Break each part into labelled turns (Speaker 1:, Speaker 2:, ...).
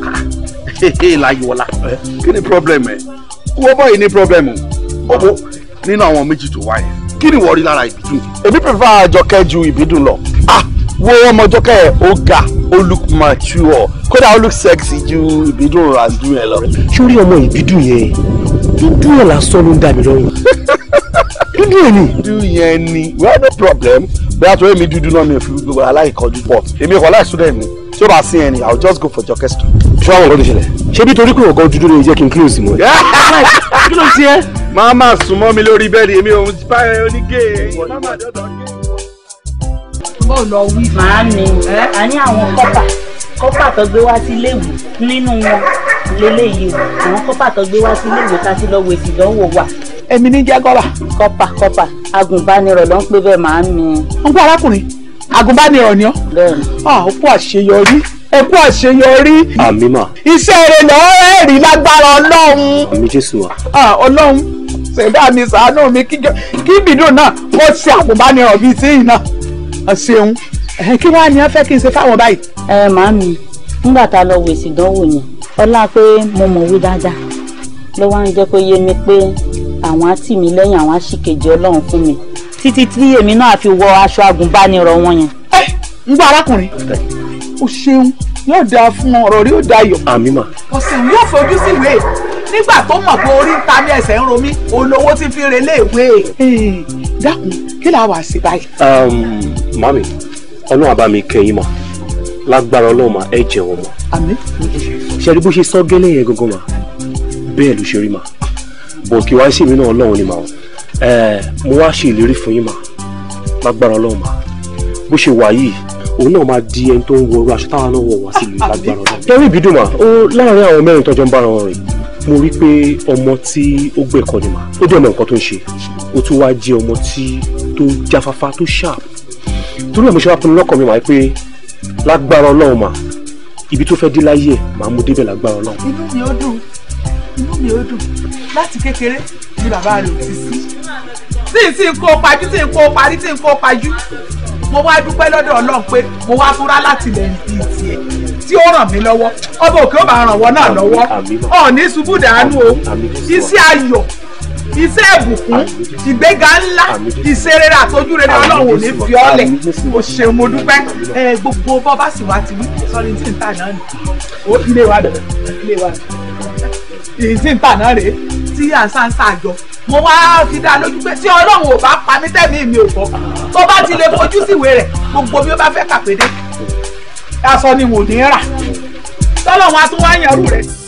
Speaker 1: láyọ̀ọ́lá eh, kí ni problem ẹ̀ wọ́n báyìí ní problem o bo nínú àwọn méjì tó wáyé kí ni wọ́n rí lára ìbídùn. èmi prefer àjọkẹ́ ju ìbídùn lọ. ah wo ọmọ jọkẹ́ ó ga ó look mature kódà ó look sexy ju ìbídùn ràdùn yẹn lọ. sórí ọmọ ìbídùn yẹn dúdú yẹn lásán ló ń dà mí lọ́rùn. dúdú yẹn ni. dúdú yẹn ni we have no problem bóyá tó èmi dúdú náà mi ò fi gbogbo aláìkọjú pọ̀ èmi kọ́ láì student mi tí ó bá sí yẹn ni i will just go for jọkẹ́ street ṣé àwọn nǹkan tó ṣẹlẹ̀ ṣé bí torí pé ọ̀gá dúdú lè jẹ́ kí n close mọ́. kí ló ti ẹ́. máa máa sùn mọ́ mi lórí bẹ́ẹ̀dì èmi òun ti bá ẹ onígé máma dọ́dọ̀ gé.
Speaker 2: mo lọ wí màá mi a ní àwọn kọ́pà kọ́pà tó gbé wá sí iléèwé nínú wọn lélẹ́yìí àwọn kọ́pà tó gbé wá sí iléèwé ká sí lọ́wọ́ èsì ìdánwò wà èmi ní jẹ́ kọ́pà. kọ́pà kọ́pà agùnbánirọ̀ ló ń pè bẹ́ẹ̀ màá mi. wọ́n gbọ́ arákùnrin agùnbánirọ̀ ni ọ́. bẹ́ẹ̀ni. ọ̀ ah, ó kó àṣeyọrí
Speaker 1: ẹ kú àṣeyọrí. àmì mà. iṣẹ́ rẹ̀ lọ́ọ́ rí lágbára ọlọ́run. àmì jésù wa. ọlọ́run ṣẹ̀dá mi ṣàánú mi kí bìdùn náà kó ṣe àpòbánirọ̀
Speaker 2: bíi tí ì náà. ṣeun kí wàá ní ẹ fẹ́ kí n ṣe fáwọn báyìí. ẹ màámi nígbà tá a lọ wèsì ìdánwò yẹn ọlá pé mo mọ̀wé dáadáa ló wá ń jẹ́ kó yé mi pé àwọn á tì mí lẹ́yìn àwọn á sì kejì ọlọ́run fún mi títí tí èmi náà fi wọ aṣọ agùnbánirọ̀ wọn yẹn. ẹ ń gbọ́ arákùnrin
Speaker 1: o ṣeun yóò dáa fún ọ̀rọ̀ rí ó dayọ̀. àmì mà. ọ̀sìn yóò fojú sí ìwé nígbà tó mọ̀ pé orí ń ta ní ẹsẹ̀ ń ro mí olówó ti fi relé ìwé. dákun kí la wà sí báyìí. mami ọlọ́run àbá mi kẹ́yìn mọ́ lágbára ọlọ́run mà ẹ jẹ̀wọ́ mọ́. àmì. ṣe bó ṣe sọ gẹ́lẹ́ yẹn gangan mà bẹ́ẹ̀ ló ṣe rí mà bò kí wá sí mi náà ọlọ́run ni mà ó mo wá ṣe ìlérí fún yín mà lágbára ọlọ́run mà bó ṣe wà yìí òun náà máa di ẹni tó ń wọrú aṣọ táwọn náà wọ̀ wá sí ìlú lágbára ọ̀dọ́. torí ìbídùnmá ó láàárín àwọn mẹ́rin tọ́jọ́ ń bára wọn rìn mo rí pé ọmọ tí ó gbẹ̀kọ́ ni mà ó dẹ̀ mọ nǹkan tó ń ṣe ó tún wáá jẹ́ ọmọ tí tó jáfáfá tó ṣáàpù torí ẹ̀ mo ṣe wá pinnu lọ́kàn mi mà pé lágbára ọlọ́run mà ibi tó fẹ́ dé láyé ẹ̀ máa mú débẹ̀ lágbára ọlọ́run.
Speaker 3: inú mi ó dùn
Speaker 1: láti kékeré ni bàbá rẹ̀ ò ti sí tí ì tí kó pajú tí ì kó parí tí ì kó pajú mo wá dúpẹ́ lọ́dọ̀ ọlọ́run pé mo wá fúra láti lẹ́yìn bíi tiẹ̀ tí ó ràn mí lọ́wọ́ ọba òkè ó bá ràn wọ́n náà lọ́wọ́ ọ̀ọ́ni ṣubú dàánú o iṣẹ́ ayọ̀ iṣẹ́ ìbùkún ìgbéga ńlá ìṣerere àtọ́jú rere ọlọ́run ò ní fi ọ́ lẹ̀ o ṣeun mo dúpẹ́ gbogbo bọ́bá sì wá ti wí sọ́ni tí ń tà náà nì ó ilé wa dẹ̀ ilé wa dẹ̀ ìsìntà náà rèé tí àṣàṣà àjọ mo wá fi dá lójú pé tí ọlọ́run ò bá pa mí tẹ́mi mi ò bọ́ tó bá ti lè fojú síwé rẹ̀ gbogbo bí ó bá fẹ́ kàpédé aṣọ ni wò ní rà tọ́lọ́run á tún wá yànrú rẹ̀ sí.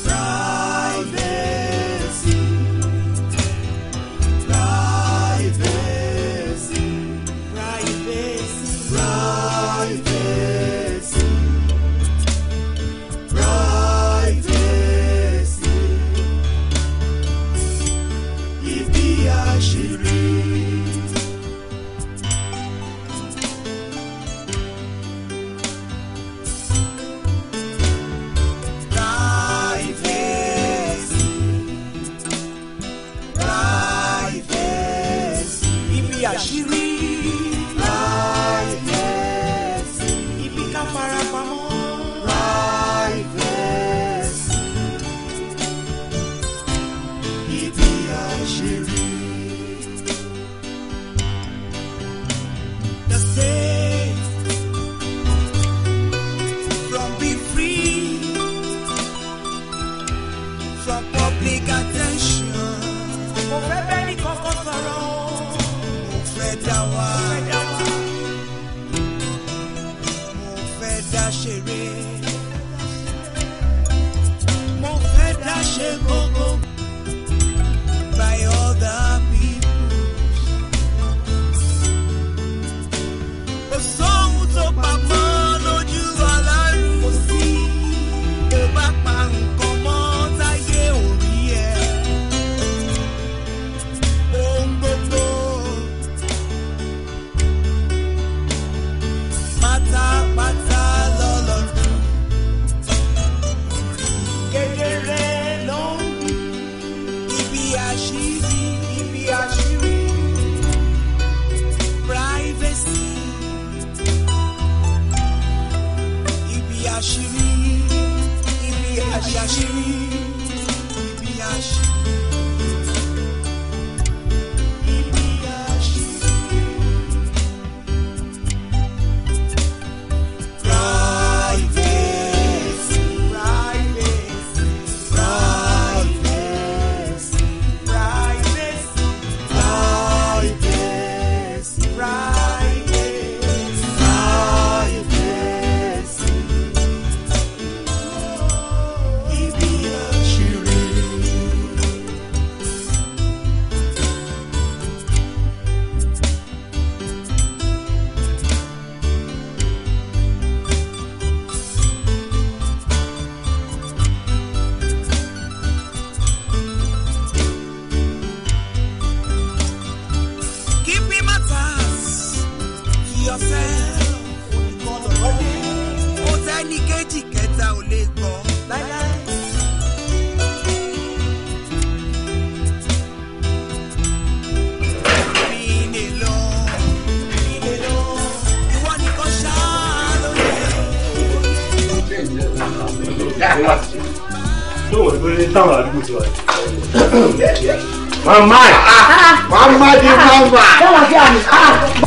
Speaker 2: dálàfíà ni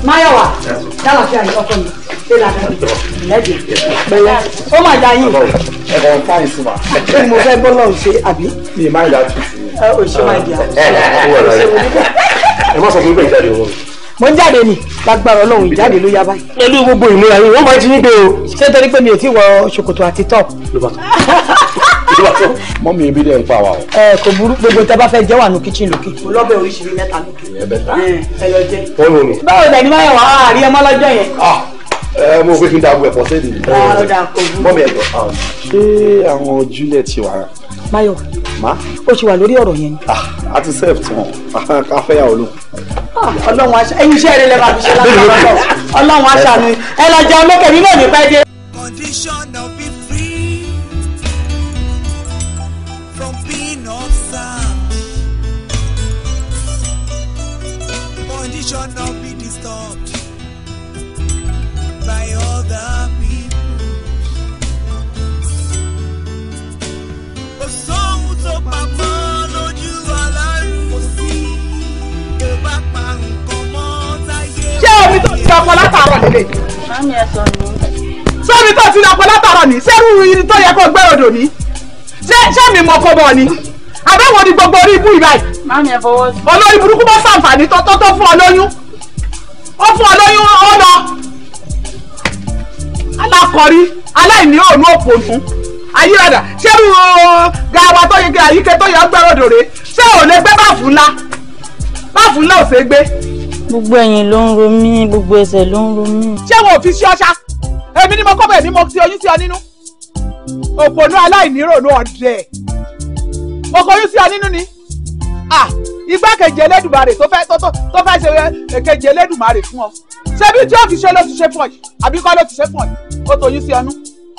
Speaker 2: máyọ̀wá dálàfíà ni ọkọ mi ṣé làbẹ́ lẹ́dí pẹ̀lẹ́ ó mà dá yín.
Speaker 1: ẹ kàn fà yín sùnmà. ṣé mo fẹ́ bọ́ lọ́run ṣe àbí. mi ì má yà tù sí. ẹ ò ṣe máa di àwọn. ẹ má sọ fún mi pé ìjáde òun mo ń jáde ni lágbára Ọlọ́run ìjáde ló yá báyìí. pẹ̀lú gbogbo ìmúra yín wọ́n máa ti ń gbé o. ṣé torí pé mi ò tí wọ ṣòkòtò àti tọ́ọ̀. mọ́mí ebi dẹ̀ ń pa wa o. ẹ kò burú gbogbo tẹ bá fẹ́ jẹ wà ní kitchen lókè. mo lọ́bẹ̀ oríṣiríṣi mẹ́ta lókè. ẹ bẹ ta ẹ lọ jẹ. bọ́ọ̀lù ni. báwo dẹ̀ ni máa wà á rí ọmọ lọ́jọ́ yẹn. ẹ mo gbé kí n dàgbù ẹ̀ pọ̀ séèdì. mọ́mí ẹ̀ jọ ah, ṣé àwọn Juliet wà. Máyọ̀ ma. o ṣì wà lórí ọ̀rọ̀ yẹn ni. Ah, a ti sef tí wọn ah, ká fẹ́ yà olú.
Speaker 2: ọlọ́run aṣa ẹyin iṣẹ́ rẹ lẹ́ba fi ṣe lágbára
Speaker 3: ọlọ́run aṣa ni ẹ
Speaker 1: ti ọkọ látàárọ̀ nílé. sómi tó ti ọkọ látàárọ̀ ní sẹ́rù irin tó yẹ kó gbé odò ní. ṣé mi mọ̀ kó bọ̀ ni àbẹ̀wò ni gbogbo orí ibú ìbáyìí. olórí burúkú bá sàǹfààní tó tó fún ọ lóyún ó fún ọ lóyún ó lọ. alákọ̀rí aláìní òun ò pò nù ayírada ṣẹ́rù gàwa tó yẹ kí àyíké tó yẹ ọgbẹ́rọ̀ dòrè ṣé ò lè gbé báàfù ńlá báàfù ńlá ò ṣe gbé gbogbo ẹ̀yìn ló ń ro mí gbogbo ẹsẹ̀ ló ń ro mí. ṣé wọn ò fi ṣe ọṣà èmi ni mo kọ́ bẹ̀ mi mo ti oyún sí ọ nínú òpònú aláìníròònú ọ̀dẹ̀ mo kọ oyún sí ọ nínú ni igbákejì elédùmarè tó fẹ́ tó tó fẹ́ ṣe èkejì elédùmarè fún ọ ṣebí tí ó fi ṣe ló ti ṣe fún ọ yìí àbí kọ́ ló ti ṣe fún ọ yìí ó toyún sí ọnú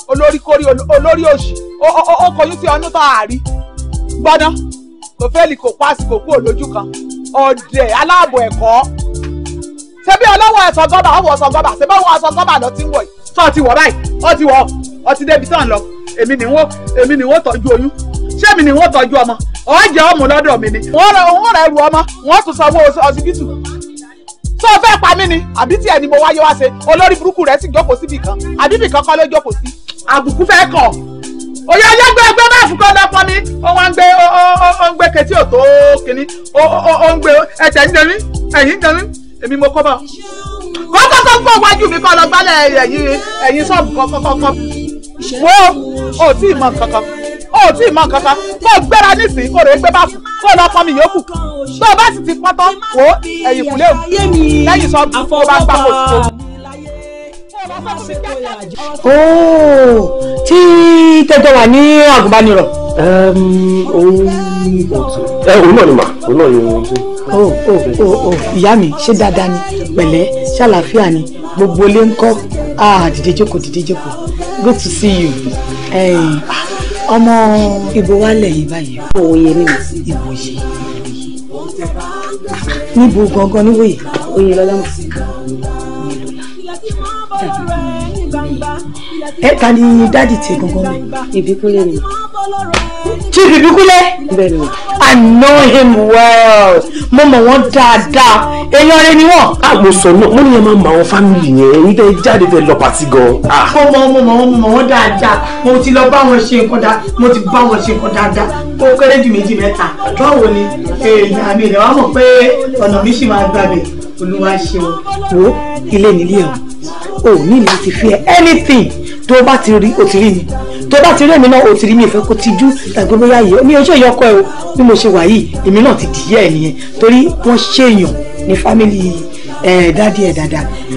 Speaker 1: olórí kórí olórí òṣì ó kọyún sí ọnú tó àárí gbọ́dọ̀ kò fẹ́ẹ́lì kò pa àsìkò kú òlójú kan ọ̀dẹ̀ aláàbọ̀ ẹ̀kọ́ ṣebí ọlọ́wọ́ aṣọ gọ́bà ọwọ́ aṣọ gọ́bà ṣebí ọwọ́ aṣọ gọ́bà lọ ti ń wọ̀ yìí. sọ ti wọ báyìí ọ ti wọ ọ ti débi tán lọ èmi ni wọn èmi ni wọn tọ́jú oyún ṣé mi ni wọn tọ́jú ọmọ ọ jẹ ọmọ lọ́dọ̀ mi ni. wọn rẹ wọn rẹ ru ọmọ wọn tún sanwó ọsibítù tó o fẹ́ pa mí ni àbí tí ẹni mo wáyé wá ṣe olórí burúkú rẹ sì jókòó síbì kan àbí bì kankan ló jókòó sí àbùkù fẹ́ kàn òye ọlẹ́gbẹ́ ẹgbẹ́ bá fún kọ́ lọ́pọ̀ mi ó wá ń gbé ó ń gbé ketí òtó kínní ó ń gbé ẹ̀jẹ̀ ń jẹun ẹ̀yìn ń jẹun èmi mo kọ́ bá kọ́kọ́ tó kọ́ wájú mi kọ́ lọ gbálẹ̀ ẹ̀yìn ẹ̀yìn sọ́ọ̀bù kọ́kọ́kọ́ wo ò tí ì mọ kankan ò tí ì mọ kankan kó o gbéra nísìnyí kó o rè é gbé bá fún kó o lọ pọnmi yòókù tó o bá sì ti pọ́n tán wò ó ẹ̀yìn kùlé o lẹ́yìn sọ́ọ̀bù kó o bá gbà kó o
Speaker 3: tó
Speaker 2: tí
Speaker 1: tẹ́tọ́ wà ní àgùnbánirọ̀. òun náà ni mà òun náà
Speaker 3: ni mo ṣe.
Speaker 2: ìyá mi ṣé dáadáa ni pẹ̀lẹ́ ṣàlàáfíà
Speaker 1: ni gbogbo ilé ń kọ́ dìde jókòó dìde jókòó good to see you. ọmọ ibo wa lẹ́yìn báyìí. òye ni mo sì ibo yìí. níbo gangan níwòye. òye lọ́lá mọ̀ sí i ẹ ta ni dáàdì tiẹ̀ gangan mi. ìbíkúlẹ̀ ni. chief ìbíkúlẹ̀. bẹ́ẹ̀ni. I know him well mo mọ̀ wọ́n dáadáa èèyàn rẹ ni wọ́n. àgbo ah, sọ náà mo ní yẹn máa ń mọ àwọn fámìlì yẹn èyí tẹ jáde fẹ lọ pàtí gan. Ah. mo mọ̀ mo mọ̀ mo mọ̀ wọ́n dáadáa mo ti lọ bá wọn ṣe nǹkan dáa mo ti bá wọn ṣe nǹkan dáadáa ó kéré jù méjì mẹ́ta báwo ni èèyàn mi ìdàwọ́ mọ̀ pé ọ̀nà mi sì máa gbàgbé olúwa ṣeun. wo ilé nílé ọ̀ o ní láti fi anything tó o bá ti rí o ti rí mi tó o bá ti rí èmi náà o ti rí mi ìfẹ́ kó ti jú tàbí bóyá yìí ní ojú ìyọkọ ẹ o bí mo ṣe wà yìí èmi náà ti dìyẹ ẹ nìyẹn torí wọ́n ṣèyàn ní fámìlì dáàdì ẹ̀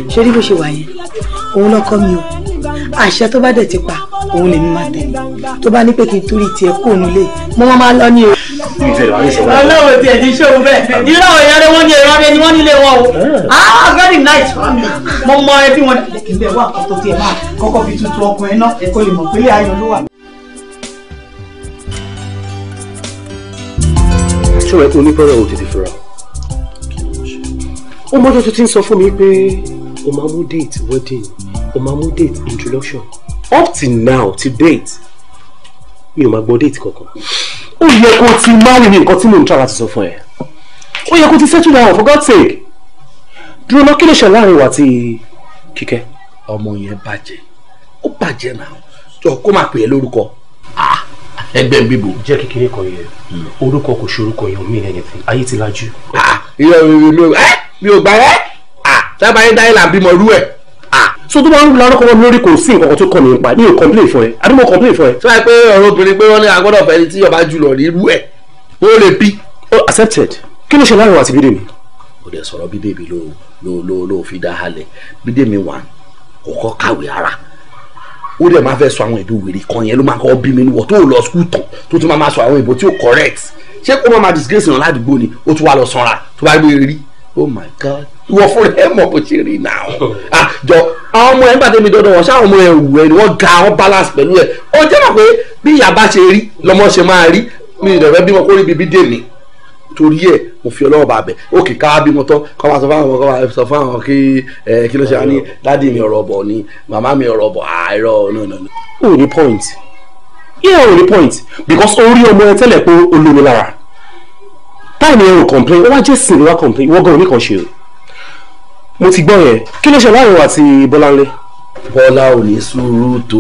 Speaker 4: ṣé rí bó ṣe wà yẹn òun lọ́kọ́ mi o àṣẹ tó bá dẹ̀ ti pa òun lèmi máa tẹ̀lé
Speaker 1: tó bá ní pé kí n torí tiẹ̀ kó òun lé mo máa lọ ní o
Speaker 3: ọlọ́wọ́ tiẹ̀ ti ṣó bẹ́ẹ̀ irú àwọn èèyàn lé wọ́n ní ẹ̀rọ abẹ́ ni wọ́n nílé wọn o
Speaker 1: ah, ah very nice mo mọ ẹbí wọn ìbẹ̀ wà kọ́tọ́ tiẹ̀ máa kọ́kọ́ fi tuntun ọkùnrin náà kó lè mọ̀ pé ilé ayọ̀ ló wà. ṣọ́ra oníbẹ̀rẹ̀ ò tètè fura ó mọ́jọ́ tó ti ń sọ fún mi pé o máa mú date wedding o máa mú date introduction up till now to date you ò máa gbọ́ date ó yẹ kó ti máa rí nǹkan tí mò ń tọ́ láti sọ fún ẹ ó yẹ kó ti settle down for God's sake dúró lọ kí lè ṣe láàrin wa ti kíkẹ́. ọmọ yẹn bàjẹ́ ó bàjẹ́ náà jọ kó máa pè é lórúkọ ẹgbẹ́ bíbò. jẹ́ kékeré kan yẹn orúkọ kò ṣorúkọ yẹn omi ẹ̀yẹ̀ fi ayé ti lajú. mi ò gbà ẹ́
Speaker 3: sábà yẹn dáyé là ń
Speaker 1: bímọ rú ẹ̀ ah so tó bá ń larọ́ kọ́kọ́ lórí kò sí nǹkan tó kàn mí pa ní o complain fún ẹ àbí mo complain fún ẹ. sọ pé ọ̀rọ̀ obìnrin pé wọ́n ní agbọ́dọ̀ fẹ́ni tí ọba jùlọ ní irú ẹ̀ ó lè bí. ó accepted kí ni ṣe láàrin wa àti bídèmí. ó dẹ̀ sọ̀rọ̀ bídèmí ló ló ló ló fi dá halẹ̀ bídèmí wà kọ́kọ́ kàwé ara ó dẹ̀ máa fẹ́ sọ àwọn ìbí wèrè kan yẹn ló máa kọ́ bí mi níwọ̀ tó lọ skul tán tó tún máa sọ àwọn ìbò tí ó correct ṣé kó máa disgrace yàn ládùúgbò ni ó tún wá lọ sanra tó bá gbé rí oh my god ìwọ fún rẹ mọ bó ṣe rí náà àjọ ah, àwọn ọmọ ẹ ń bàtẹ́ mi dọ́dọ̀ wọn ṣáà ọmọ ẹ wù ẹ ni wọ́n ga wọn balance pẹ̀lú ẹ ó jẹ́ mọ̀ pé bí ìyá bá ṣe rí lọ́mọ ṣe máa rí mi ìdọ̀rẹ́ bímọ kó rí bíbí dè mí torí ẹ mo fi ọlọ́wọ́ bá bẹ̀ òkè ká bímọ tán kọ́ máa sọ fún àwọn kọ́ máa sọ fún àwọn kí ẹ kí ló ṣe wá ní dádì mi ọ̀rọ̀ bọ̀ ni màmá mi ọ̀rọ̀ bọ̀ àìrọ̀ ah, náà náà. o ní point yíyá ò ní point because ó rí ọmọ ẹ tẹ́lẹ̀ pé olómi lára táìmù ẹ ò complain ó wá jẹ́ sìn ní wá complain ìwọ́gàn ò ní kàn ṣe o mo ti gbọ́ yẹn kí ló ṣe láàrin wa àti bọ́láńlé. bọ́lá ò ní sùúrù tó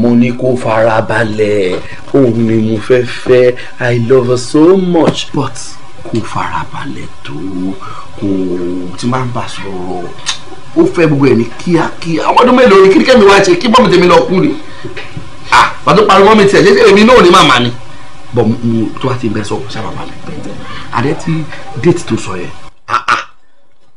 Speaker 1: mo ní kó fara balẹ̀ òun ni mo fẹ́ fẹ́ i love her so much but kó fara balẹ̀ tó kò tí máa ń bà sọ̀rọ̀ ó fẹ́ gbogbo ẹ̀ ní kíákíá àwọn ọdún mélòó ni kíríkẹ́ mi wá ṣe kí bọ́ọ̀mù tèmi lọ kú ni ah pàtó parí mọ́mí tiẹ̀ ṣe èmi náà ní màmá ni bọ̀ tó bá ti bẹ sọ sábà balẹ̀ bẹ́ẹ̀ àdẹ́ ti déètì tó sọ yẹn ah ah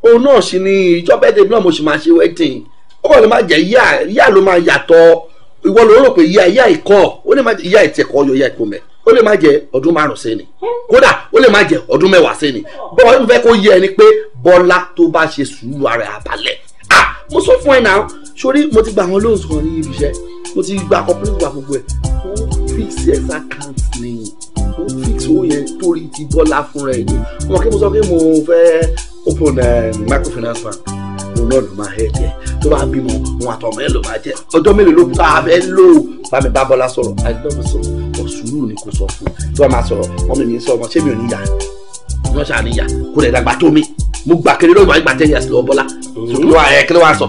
Speaker 1: òun náà sì ni ìjọ bẹ́ẹ̀dẹ̀ náà mo sì máa ṣe wedding ó kàn lè má jẹ́ yíyá yíyá ló máa yàtọ̀ ìwọ ló rò pé yíyá yíyá ìkọ́ ó lè má jẹ́ yíyá ìtẹ̀kọ́ ọyọ yíyá ìkọ́ mẹ́ ó lè má jẹ́ ọdún márùn sẹ́ni kódà ó lè má jẹ́ ọdún mẹ́wàá sẹ́ni bọ́lá tó fẹ́ kó yé ẹni pé bọ́lá tó bá ṣe sùúrù ara àbálẹ̀ ah mo sọ fún ẹ náà sórí mo ti gba àwọn lóòsù kan ní ibi iṣẹ́ mo ti gba complete gba gbogbo ẹ̀ wọ́n fix yes account ni wọ́n fix owó yẹn torí ti bọ́lá fúnra ẹ̀ ni wọn kí mo sọ pé mo fẹ́ open um, microfinance bank mo náà ló máa hẹ́ẹ̀dì ẹ̀ tó bá bímọ òun àtọ̀ ọmọ ẹ̀ ló máa jẹ́ ọjọ́ mélòó ló bá abẹ́ lò bá mi bá bọ́lá sọ̀rọ̀ àìdọ́gbọ̀n sọ̀rọ̀ ọ̀sùrù ni kò sọ fún un tó bá máa sọ̀rọ̀ ọmọ mi sọ ọmọ ṣé mi ò níyà wọ́n ṣáà níyà kó lè dàgbà tó mi mo gbà kiri lóògùn àgbà tẹ́lẹ̀ àti lọ́ọ́ bọ́lá ṣùgbọ́n ẹ̀ kí ló wá sọ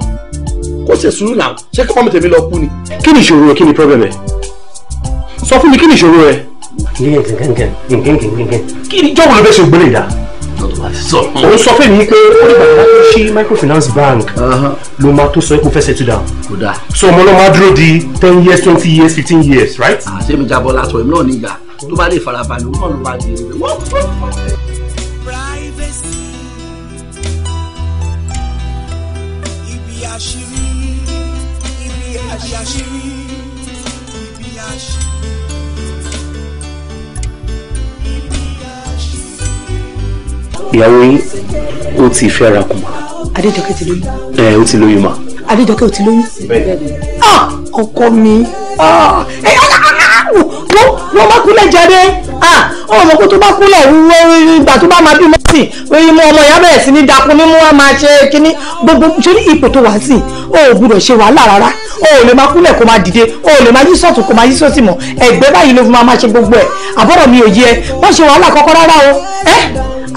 Speaker 1: kó ṣe sùúrù náà ṣé kí ọmọ tèmi lọ kú ni. kí ni ìṣòro rẹ kí ni problem rẹ sọ fún mi kí ni ìṣòro rẹ. kí ni jọ̀wọ́ ló fẹ́ ṣe ògbélé ìdá òun sọ fún mi pé ó lè bàtà tó ṣí microfinance bank ló máa tó sọ pé kò fẹ́ settle down. kò so ọmọ náà máa dúró di ten years twenty years fifteen years right. àṣé ah, mi jábọ́ lásán èmi náà nígbà tó bá lè farabalẹ̀ òun náà ló máa di èrè wọ́n. ibi àṣírí ibi àṣírí. ìyàwó yín ó ti fẹ́ ra kùmà. adéjọkẹ́ ti lóyún. ẹ ó ti lóyún mà. adéjọkẹ́ ó ti lóyún. Ah, ọkọ mi. Ah, ẹ wọ́n wọ́n má kúlẹ̀ jáde ọmọ kó tó bá kúlẹ̀ ìgbà tó bá máa bí mẹ́sìn ìmọ̀ ọmọ ìyá bẹ̀rẹ̀ sí ní dakun mímú wa máa ṣe kínní gbogbo ṣé ní ipò tó wá sí o ò gbúdọ̀ ṣe wàhálà rárá o ò lè máa kúlẹ̀ kó máa dìde o ò lè máa yí sọ̀tún kó máa yí sọ́sì mọ́ ẹ̀gbẹ́ báyìí ló fi máa máa ṣe gbogbo ẹ̀ àbọ̀rọ̀ mi ò yẹ má ṣe wàhálà kọ́kọ́ rárá o ẹ́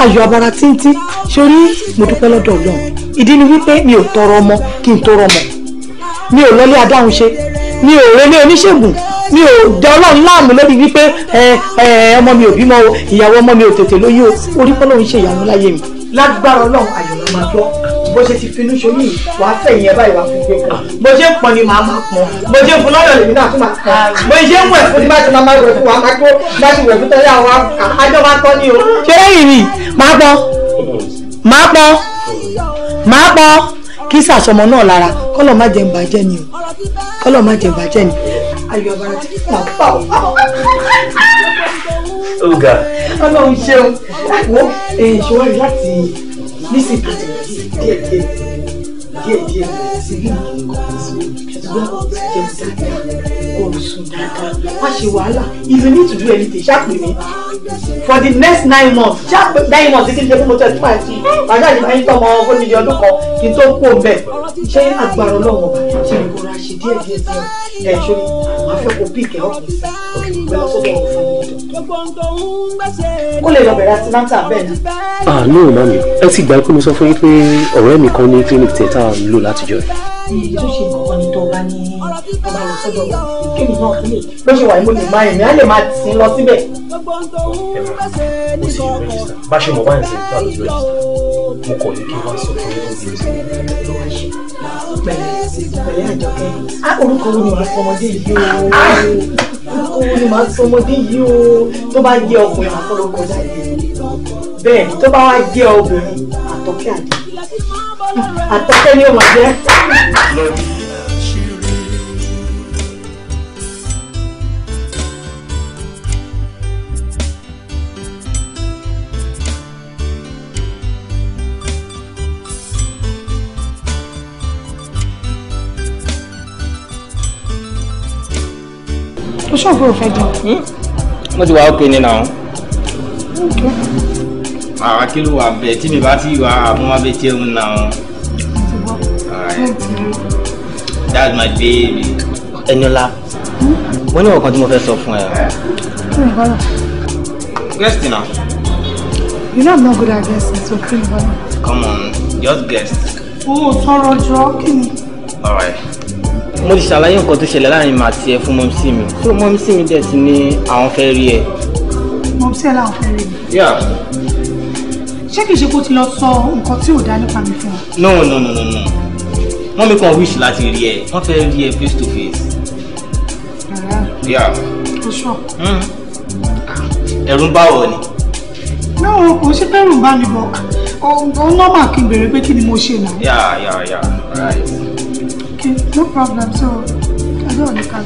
Speaker 1: ayọ̀ abara tíntín sórí mo dúpẹ́ lọ́dọ̀ Ọlọ́run ìdí ni wípé mi ò tọrọ ọmọ kí n tọrọ ọmọ mi ò lọlé adáhunṣe mi ò relé oníṣègùn mi ò dẹ ọlọ́run láàmú lórí wípé ọmọ mi ò bímọ o ìyàwó ọmọ mi ò tètè lóyún o orí pọ́lọ́run ṣe ìyàwó láyé mi. lágbára ọlọ́run àyọ̀lá máa gbọ́ bó ṣe ti finú ṣoyún yìí wàá fẹ̀yìn ẹ báyìí wàá fi gbé kan bó ṣe ń pọn ni màá máa
Speaker 3: pọn bó ṣe ń fún
Speaker 1: lọ́yọ̀ lèmi náà tún máa kàn bó ṣe ń wẹ̀ fún bá ti máa wẹ̀ fún wa máa tó bá ti wẹ̀ fún tọ́lá wa àjọ máa tọ́ ni o. ṣé ìrìn máa pọ máa pọ máa pọ kí sàṣọmọ náà lára kọlọ má jẹ ń ni o kọlọ má jẹ ń ni ayọ̀ abara tí mà
Speaker 3: bá ọ. ọgá
Speaker 1: Ọlọ́run ṣeun wo ìṣòro rẹ láti nísìn àti díẹ̀ díẹ̀ díẹ̀ díẹ̀ síbí nǹkan ṣùgbọ́n jẹun dáadáa kò sùn dáadáa má ṣe wàhálà if you need to do anything ṣáàpè mi for the next nine months ṣáàpè nine months kí n ṣe fún mo tẹ two àti màdá àti báyìí tọmọ ọmọ fún mi di ọdún kan kí n tó kó bẹ ṣé agbára Ọlọ́run ọba ṣe ìkóra ṣe díẹ̀ díẹ̀ díẹ̀ ẹ ṣe máa fẹ́ kó
Speaker 2: píìkì ọ̀tún sí pẹ̀lú ọ̀sọ́dọ̀
Speaker 1: ọ̀fọ̀n. ó lè lọ bẹ̀rẹ̀
Speaker 2: àtìmáńtà bẹ́ẹ̀ ni.
Speaker 1: ah no mami ẹ ti gbà pé mo sọ fún yín pé ọ̀rẹ́ mi kan ní clinic tẹ̀ tá a lò látijọ́ yìí.
Speaker 2: èyí tó ṣe nǹkan ni tó bá ní ọba lọ sọ́dọ̀ kémi náà
Speaker 1: kí lè ló ṣe wà ní mo lè máa ẹ̀mí á lè máa tì í lọ síbẹ̀. bá a ṣe mọ̀ báyìí sí i tá a lè rẹ̀ mo kọ̀ ní kí wọ́n sọ fún mi pẹ̀lẹ́ pẹ̀lẹ́ àjọkẹ́
Speaker 3: á orúkọ wo ni màá sọmọdé yìí o
Speaker 1: orúkọ wo ni màá sọmọdé yìí o tó bá jẹ́ ọkùnrin màá fọlọ́ kọjá yìí
Speaker 2: bẹ́ẹ̀ tó bá wá jẹ́ obìnrin àtọ́kẹ́
Speaker 3: àdé
Speaker 2: àtọ́kẹ́ ni ó máa jẹ́.
Speaker 1: o ṣọ́ọ̀bù òfẹ́ jẹun.
Speaker 5: mo ti wá òkè ni náà. àwa kí ló wà bẹ́ẹ̀ tí mi bá ti wà mo máa bẹ jẹun náà. that's my baby. Ẹniọlá mo ní ọ̀kan tí mo fẹ́ sọ fún ẹ.
Speaker 2: kí guest na. you know i'm not good at guessing so kí ni bọ́lá.
Speaker 5: come on just guess.
Speaker 2: o oh, sọ̀rọ̀ jọ kí ni.
Speaker 5: all right mo ti ṣàlàyé nǹkan tó ṣẹlẹ̀ láàrin màá tiẹ̀ fún mọ́mísí mi so mọ́mísí mi dẹ̀ ti ní àwọn fẹ́ rí ẹ.
Speaker 2: mọ́mísí ẹ̀ láwọn fẹ́ rí
Speaker 5: mi. yà.
Speaker 1: ṣé kìí ṣe kó ti lọ sọ nǹkan tí ò dá nípa mi fún ọ.
Speaker 5: no no no no no wọ́n mi kàn wish láti rí ẹ wọ́n fẹ́ rí ẹ face to face. yà.
Speaker 1: o sọ. Hmm.
Speaker 5: ẹ̀rù ń bá wọ ni.
Speaker 1: náà o kò ṣe fẹ́ràn bá mi bọ̀ ọ̀ ọ̀ nọ́mà kí n béèrè pé kí ni mo ṣe náà.
Speaker 5: yà yà yà right.
Speaker 1: Okay, no problem. So, I'll don't want
Speaker 2: to come.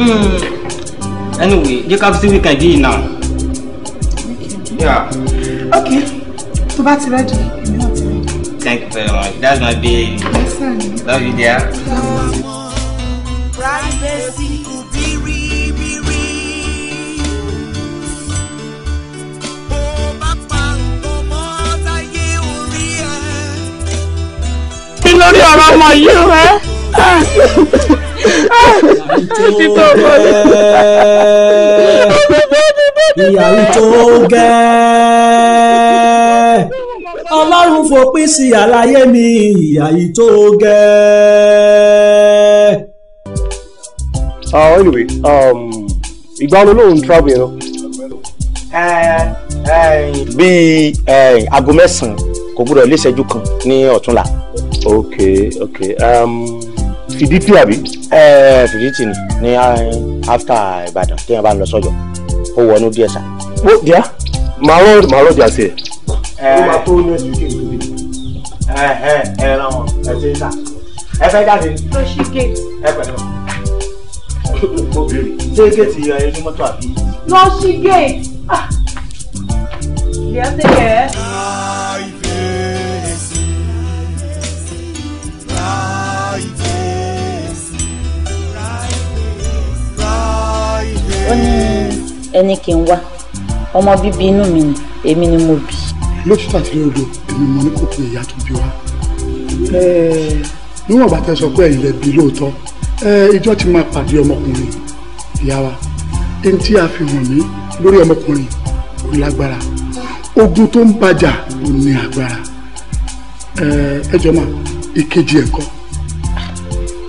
Speaker 5: Hmm. Anyway, you can see we can get now. Okay. Yeah.
Speaker 1: Okay. So that's ready.
Speaker 5: Thank you very much. That's my baby. Yes, sir. Love you, dear. Love you.
Speaker 2: lórí ọ̀rọ̀ ọmọ yìí rẹ.
Speaker 3: títí tó bọ̀ ní. ìyàwó tó gẹ́. ọlọ́run fòpin sí àlàyé mi ìyàwó tó gẹ́. Uh, anyway um, ìgbà olóhùn travel yẹn
Speaker 1: lọ eh, eh, bíi eh, aago mẹ́sàn-án kò gbúdọ̀ lé ìṣẹ́jú kan ní ọ̀túnla. Okay, okay. Um, fìdítì àbí. fìdítì ni ní uh, after Ìbàdàn téèyàn bá ń lọ sọ́jọ́ ó wọnú díẹ̀ sá. ó díẹ̀ màá rọ màá rọ díẹ̀ sí ẹ. ó máa tó ní oṣù kí n tóbi. ẹ ẹ ẹ ràn wọn ẹ ṣe é sá ẹ fẹ́ jáde. lọ́sí gate. ẹ pẹ̀lú obìnrin ṣé gate yẹ ẹni mọ́tò àbí. lọ́sí gate. Ah.
Speaker 2: ìyá ṣe yẹ ẹ́. ẹni kì í wá ọmọ bíbí inú mi ni èmi ni mo bí. lóṣù àti lóòdò èmi mo ní kò tó ìyá tó bí wa.
Speaker 1: níwọ̀n bá tẹ sọ pé ẹ̀yin lẹ bí lóòótọ́ ìjọ ti máa pàdé ọmọkùnrin ìyá wa ẹni tí a fi hàn mí lórí ọmọkùnrin kò lágbára ogun tó ń bàjà kò ní agbára ẹ máa
Speaker 3: ìkejì ẹ̀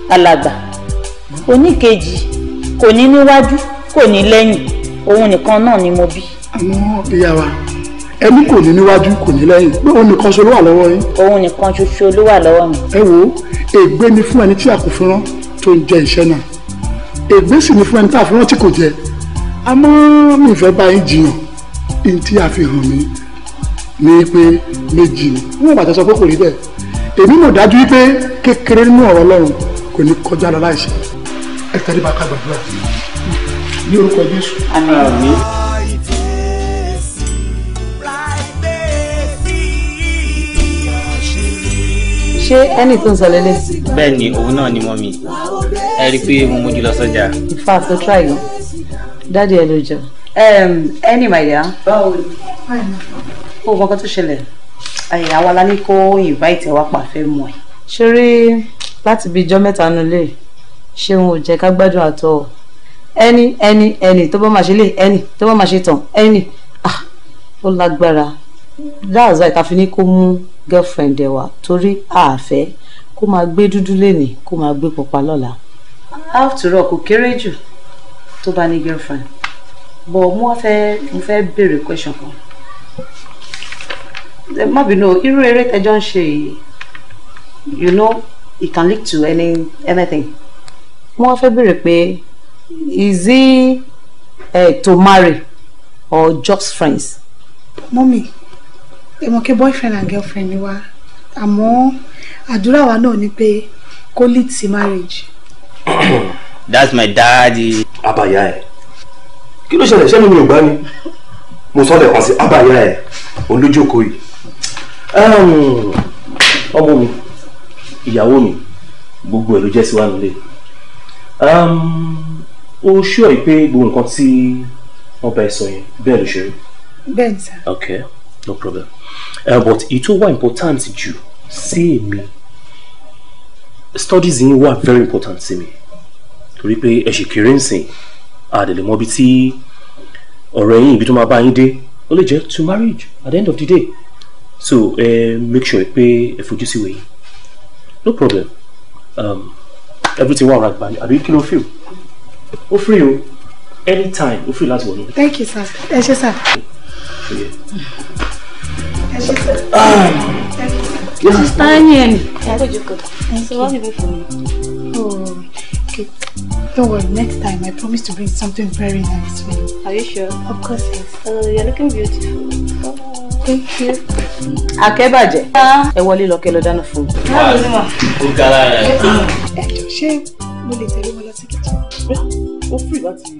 Speaker 2: alàgbà oníkejì kò ní níwájú kò ní lẹ́yìn òun nìkan náà ni mo bí. àmọ́ ìyá wa ẹni kò ní níwájú kò ní lẹ́yìn pé òun nìkan ṣoṣo ló wà lọ́wọ́ yín. òun nìkan ṣoṣo ló wà lọ́wọ́
Speaker 1: mi. ẹ wo ègbé ni fún ẹni tí a kò fi rán tó ń jẹ iṣẹ́ náà ègbé sì ni fún ẹni tí a fi rán tí kò jẹ àmọ́ mi ìfẹ́ bá yín jiyàn ihun tí a fi hàn mí ni pé méjì ni wọn bàtà sọ pé kò rí bẹ́ẹ̀ èmi mọ̀ dájú wípé kékeré nínú ọ̀rọ̀ Ọlọ́run kò ní kọjá lọ láìsí ẹ tẹ́lẹ̀ bá ká gbàdúrà ní orúkọ Jésù.
Speaker 2: àmín.
Speaker 1: ṣé
Speaker 4: ẹnì tó ń sọ lélẹ̀.
Speaker 5: bẹ́ẹ̀ ni òun náà ni mọ́ mi ẹ rí i pé mo mójú lọ sọ́jà.
Speaker 4: ìfà tó tra yìí dáàdi ẹ ló jọ. ẹnì màyà. báwo ni. ó mọ tó ṣẹlẹ̀ àwa la ní kó invite ẹ wá pàfẹ́ mọ́ ẹ. ṣeré láti bíi ijọ́ mẹ́ta nulẹ̀ ṣé òun ò jẹ́ ká gbádùn àtọ̀ ẹni ẹni ẹni tó bá máa ṣe lè ẹni tó bá máa ṣe tàn ẹni ah ó lágbára that's why káfí ní kó mú girlfriend ẹ wá torí àfẹ́ kó máa gbé dúdú lénìí kó máa gbé pupa lọ́la after all kò kéré jù tó bá ní girlfriend but mo fẹ́ mo fẹ́ béèrè question kan má bínú irú eré tẹ́jọ́ ń ṣe yìí you know it can lead to any anything mo fẹ́ béèrè pé is he uh, to marry or just friends.
Speaker 2: Mommy, èmọ̀ kí boyfriend and girlfriend ni wá àmọ́ àdúrà wa náà ni pay. kó lead marriage.
Speaker 5: that's my daddy. abaya ẹ kí ló ṣẹlẹ̀ mi ò gbá ni mo sọ lẹ́ẹ̀kan sí abaya
Speaker 1: ẹ olójókòó yìí ọmọ mi ìyàwó mi bugwe ẹ̀ ló jẹ́ wa nílé. Um, ó ṣúọ̀ yìí pé gbogbo nǹkan tí ọba ẹ̀ sọ yẹn bẹ́ẹ̀ ló ṣe rí. bẹ́ẹ̀ sá. ok no problem uh, but èyí tó wà important jù sí èmi studies yín wà very important sí mi torí pé ẹ ṣì kéré ń sìn àdèlè mọ ibi tí ọ̀rọ̀ yín ibi tó máa bá yín dé ó lè jẹ́ to marriage at the end of the day so ẹ uh, eh, make sure pé ẹ fojú sí wẹ̀yìn no problem um, everything wà right by àbí kí ló feel ó free o anytime ó free láti wọnú.
Speaker 2: thank you sir ẹ ṣé sir. ẹ ṣé sir. sista ẹni ẹni. Don't worry, next time I promise to bring something very nice for you.
Speaker 1: Are you sure? Of course, yes. Uh, you're looking beautiful. Oh.
Speaker 4: Akẹ́bàjẹ́. Ẹ wọlé lọ kẹ lọ dáná fún mi. Ó
Speaker 5: kára rẹ̀. Ẹ jọ ṣé mo lè tẹ̀lé wọn lọ sí kìtì? bẹ́ẹ̀ ó fìrì láti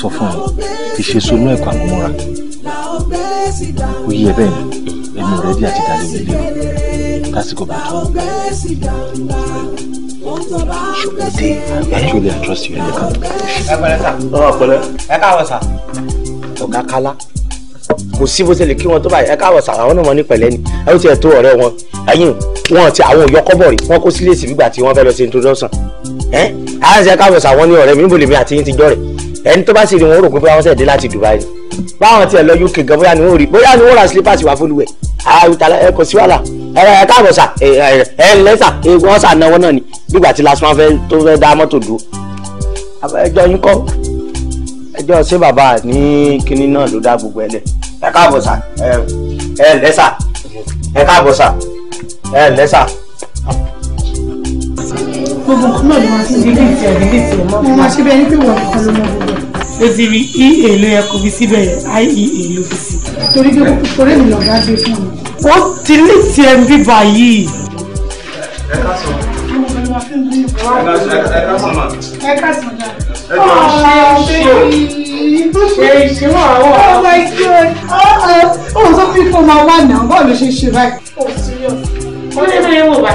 Speaker 3: sọ fún ọ ìṣesonú ẹ̀kọ́ àmúmọ́ra ó yí ẹ bẹ́ẹ̀
Speaker 1: ni bí àti dalẹ̀ mi lérò lásìkò bàtọ́ ṣòkòtè actually I trust you in the ẹ pẹ̀lẹ́ sà ọ pẹ̀lẹ́ ẹ káàárọ̀ sà. ọ̀gá kálá kò sí bó ṣe lè kí wọn tó báyìí ẹ káàárọ̀ sà àwọn náà wọn ní pẹ̀lẹ́ ni ẹ ó tiẹ̀ tó ọ̀rẹ́ wọn ẹ̀yìn wọn ti àwọn òyọkọ́bọ̀ rí wọn kó sílé sí tí wọ́n fẹ́ lọ sí introduction ẹ̀ á ń ṣe káàárọ̀ sà wọn ní ọ̀rẹ́ mi níbo lèmi àti yín ti jọ́ ẹni tó bá sì rí wọn ó rò pé bóyá wọn ṣẹ̀ dé láti Dubai ni báwọn tiẹ̀ lọ UK gan bóyá ni wọ́n rí bóyá ni wọ́n ra slippers wá fólúwẹ̀ àwùtàlá ẹ kò sí wàhálà ẹ káàbọ̀ sà ẹ ẹ lẹ́sà wọ́n sà náwó náà ni nígbà tí lásán fẹ́ tó fẹ́ dá mọ́tò dúró ẹjọ́ yín kọ́ ẹjọ́ ṣé bàbá ní kinní náà ló dá gbogbo ẹ lẹ̀ ẹ káàbọ̀ sà ẹ lẹ́sà ẹ káàbọ̀ sà ẹ lẹ́sà gbogbo nǹkan náà ló máa ti delete ẹ̀ delete ẹ̀ mọ́. mo máa ṣe bẹ́ẹ̀ ní pé wọ́n nìkan ló mọ gbogbo ẹ̀. ti rí ea ló yẹ kó fi síbẹ̀ yẹn e ló fi sí. torí pé torí mi lọ́gá gbé fún mi. ó ti ní tiẹ̀ ń bíbá yìí. ẹ ká sọ. ẹ ká sọ ma. ẹ ká sọ ma. Oh my god! Uh-uh. Oh, oh, oh, some people my one now. Báwo ló ṣe Oh, serious.
Speaker 2: Ó ní bẹ́ẹ̀ wò bá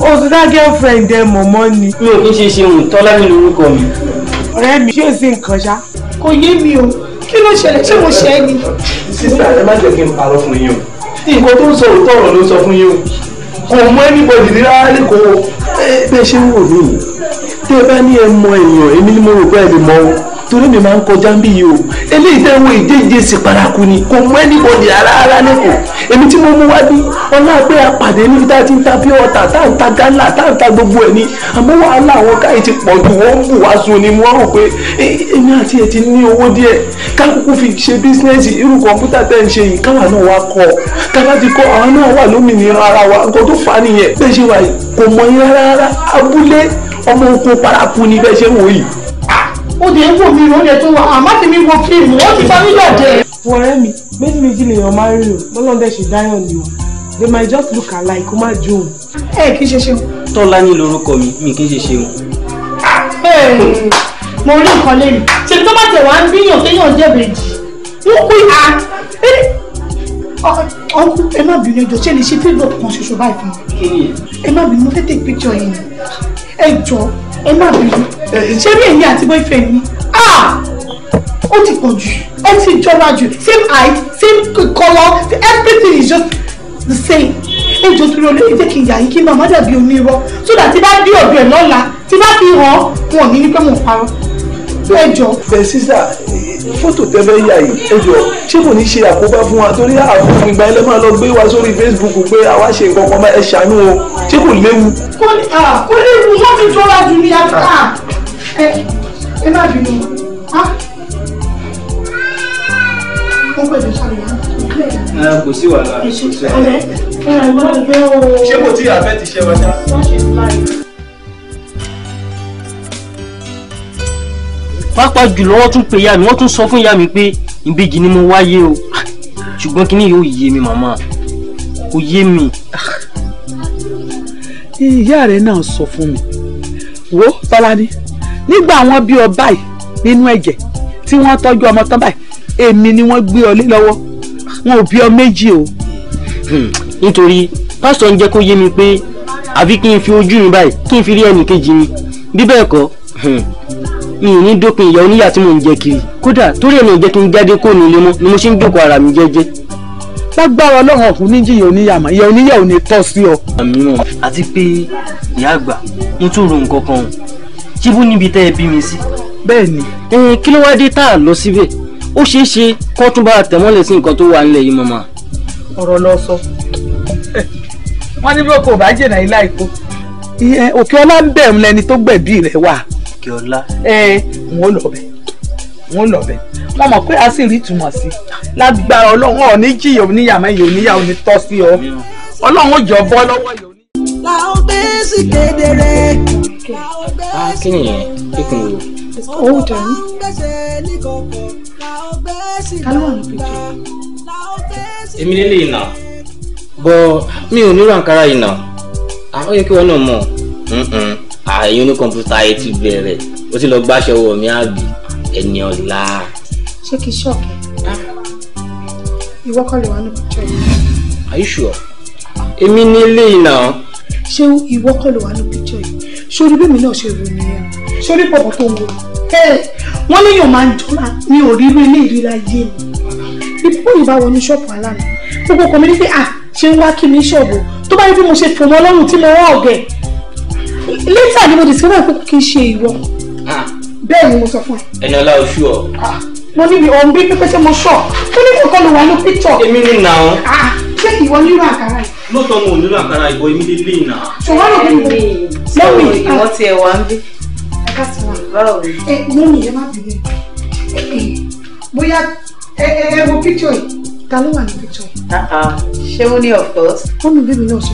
Speaker 1: oṣù dá girlfriend
Speaker 5: ẹ mọ̀mọ́ ni. mi ò kí ṣe ṣe òun tọ́lá mi lórúkọ mi.
Speaker 1: ọ̀rẹ́ mi ṣé o sì ń kàn ṣá. kò yé mi o kí ló ṣẹlẹ̀ ṣé mo ṣe é ni.
Speaker 5: sísá ẹ má jẹ́ kí n parọ́ fún yín
Speaker 1: o nǹkan tó ń sọ òótọ́ ọ̀rọ̀ ló sọ fún yín o kò mọ anybody ní rárá lẹ́kọ̀ọ́ bẹ́ẹ̀ ṣe ń wò mí tẹ́ ẹ bá ní ẹ mọ èèyàn èmi ni mo rò pé ẹ lè mọ o torí mi máa ń kọjá ń bí yìí o eléyìí tẹ́ ń wo ìdíje sí paraku ni kò mú ẹnìbọdì rárá lẹ́kọ̀ọ́ èmi tí mo mú wá bí ọlá pé apàdé níbi tá a ti ń ta pure water tá à ta gálà tá à ta gbogbo ẹ̀ ni àmọ́ wàhálà àwọn káyì ti pọ̀ jù wọ́n ń bù wá sun ni mo rò pé èmi àti ẹ̀ ti ní owó díẹ̀ kákùkù fi ṣe bísínẹ́sì irú kọ̀ǹpútà tẹ́ ń ṣe yìí káwa náà wá kọ́ tábà ti kọ́ àwọn náà wà lómìnira ara wa ọmọ oko paraku ni bẹ́ẹ̀ ṣe ń ó dé wò mí ó dé tó wà àmọ́ tèmi wo fíìmù ó ti sáré lọ́dẹ. wọ̀rẹ́ mi méjì méjì lèèyàn máa rí o lọ́lọ́n dẹ̀ ṣe dáyọ̀ ni o they might just look alike kó má jó o. ẹ kì í ṣe ṣeun.
Speaker 5: Tọ́lání lorúkọ mi mi kì í ṣe ṣeun.
Speaker 1: Ah, mo rí nǹkan lẹ́nu ṣètò bá tẹ̀ wá ń bíyàn kéèyàn jẹ̀bẹ̀jì ń pín a. Ah, ọkùn ẹ má bínú ẹjọ ṣé lè ṣe fílọ kan ṣoṣo báyìí fún mi ẹ má bínú mo fẹ́ tẹ̀ píkṣọ yẹn ni ẹ jọ ẹ má bínú ṣé bí èyí àti boyfriend mi ó ti pọ̀ jù ó ti jọra jù same height same colour everything is just the same ẹjọ torí olóyè jẹ́ kí n yà yín kí n máa má dàbí onírọ́ so that tí bá dé ọ̀dọ̀ ẹ̀ lọ́la tí bá fi hàn wọn ò ní ní mọ̀ parọ́ ẹjọ. ẹ sísà fótò tẹ́fẹ́ yà yìí ẹjọ ṣé kò ní ṣe àkóbá fún wa torí àbúrò ìgbà yẹn lè máa lọ gbé wa sórí Facebook pé àwa ṣe nǹkan kan ẹ ṣàánú o ṣé kò léwu.
Speaker 3: kò
Speaker 1: léwu wọ́n ti jọra jù ní àtúntà ah. ẹ ẹ má bínú
Speaker 5: kò sí wàhálà kò sí wàhálà ṣé kò tí àfẹ́ ti ṣe wájà. pápá jùlọ wọ́n tún pe ìyá mi wọ́n tún sọ fún ìyá mi pé ìbejì ni mo wáyé o ṣùgbọ́n kíní yóò yé mi màmá kò yé mi. ìyá rẹ náà sọ fún
Speaker 1: mi wo Tọ́lání nígbà wọn bí ọ báyìí nínú ẹ̀jẹ̀ tí wọ́n tọ́jú ọmọ tán báyìí èmi ni wọ́n gbé ọ lé lọ́wọ́ wọn ò bí ọ méjì o. Hmm. nítorí pásítọ̀ ń jẹ́ kó yé mi pé àfi kí n fi ojú mi báyìí kí n fi
Speaker 5: rí ẹnì kejì mi bí bẹ́ẹ̀ mi ní dópin ìyá oníyà tí mò ń jẹ kiri kódà torí ẹ̀ ní kí n jáde kó mọ́ ni mo ṣe ń jókòó ara mi jẹ́jẹ́.
Speaker 1: lágbára ọlọ́run ọ̀fun ní jíyà oníyà mà ìyá oníyà ò ní tọ́ sí ọ. àti pé ìyá àgbà
Speaker 5: mo tún ro nǹkan kan níbi mi sí. bẹ́ẹ̀ni. kí ló dé tá a lọ síbẹ̀ ó ṣeé ṣe kó tún bá tẹ̀mọ́lẹ̀ sí nǹkan tó wà nílẹ̀ yìí màmá.
Speaker 2: ọ̀rọ̀ lọ
Speaker 3: Akíọlá. ẹ
Speaker 1: wọn lọ bẹ wọn lọ bẹ wọn mọ pé a sì rí ìtumọ̀ sí lágbára ọlọ́run ò ní jìyà oníyàmẹ́ yìí oníyà ò tọ́ sí ọ ọlọ́run ò bọ́ lọ́wọ́
Speaker 3: yìí la ó gbé sí kedere.
Speaker 5: a kí nìyẹn kíkún wò.
Speaker 1: owó jọ ní.
Speaker 2: ta ló wà ní pèjì.
Speaker 5: èmi lè lè nà bọ mi ò nílò àǹkárá yìí nà ah, ó yẹ kí wọn náà mọ àyún ah, ní kọ̀ǹpútà ayé ti bẹ̀rẹ̀ ó ti lọ gbáṣẹ́ ọwọ́ mi àbí ẹni ọ̀la.
Speaker 2: ṣé kìí ṣọ́ọ̀kì ah, ìwọ kọ́ lè wà ní picture yìí.
Speaker 5: are you sure? èmi ní ilé yìí náà.
Speaker 1: ṣé ìwọ kọ́ lè wà ní picture yìí sórí bí mi náà ṣe rò nìyẹn sórí pọ̀ tó ń wò wọ́n léèyàn máa ń jọra ní òrírú ilé ìrírá yé mi bí púpọ̀ yìí bá wọnú ṣọ́ọ̀bù alánà gbogbo kò mí ní pé à ah, ṣé ń wá kí mi ṣọ́ọ̀bù tó bá rí bí mo ṣe fòmọ́ lọ́rùn tí mo wọ́ ọ̀gẹ̀ later ni mo discover pé kì í ṣe ìwọ bẹ́ẹ̀ ni mo sọ fún ẹ.
Speaker 5: ẹni ọlá oṣù ọ.
Speaker 1: mo ní mi ò ń bí pípẹ́ tí mo sọ tó ní kòkó ló wà ní píktọ̀. èmi ni nà án. ṣé
Speaker 2: ìwọ nílò àkàrà yìí.
Speaker 5: lóòótọ́ mo ò nílò àkàrà ìbọn èmi lè lè nà.
Speaker 2: ṣùgbọ́n ló bí mi lọ́wọ́ ìwọ ti ẹ̀ wá ń bí. ẹ mọ́mí ẹ má bìbẹ̀
Speaker 1: bóyá ẹ ẹ wo píktọ̀ yìí ta ló wà ní píktọ̀ yìí. Ah, ah. ṣé mo ní of course. mọ́mí bébí náà ṣe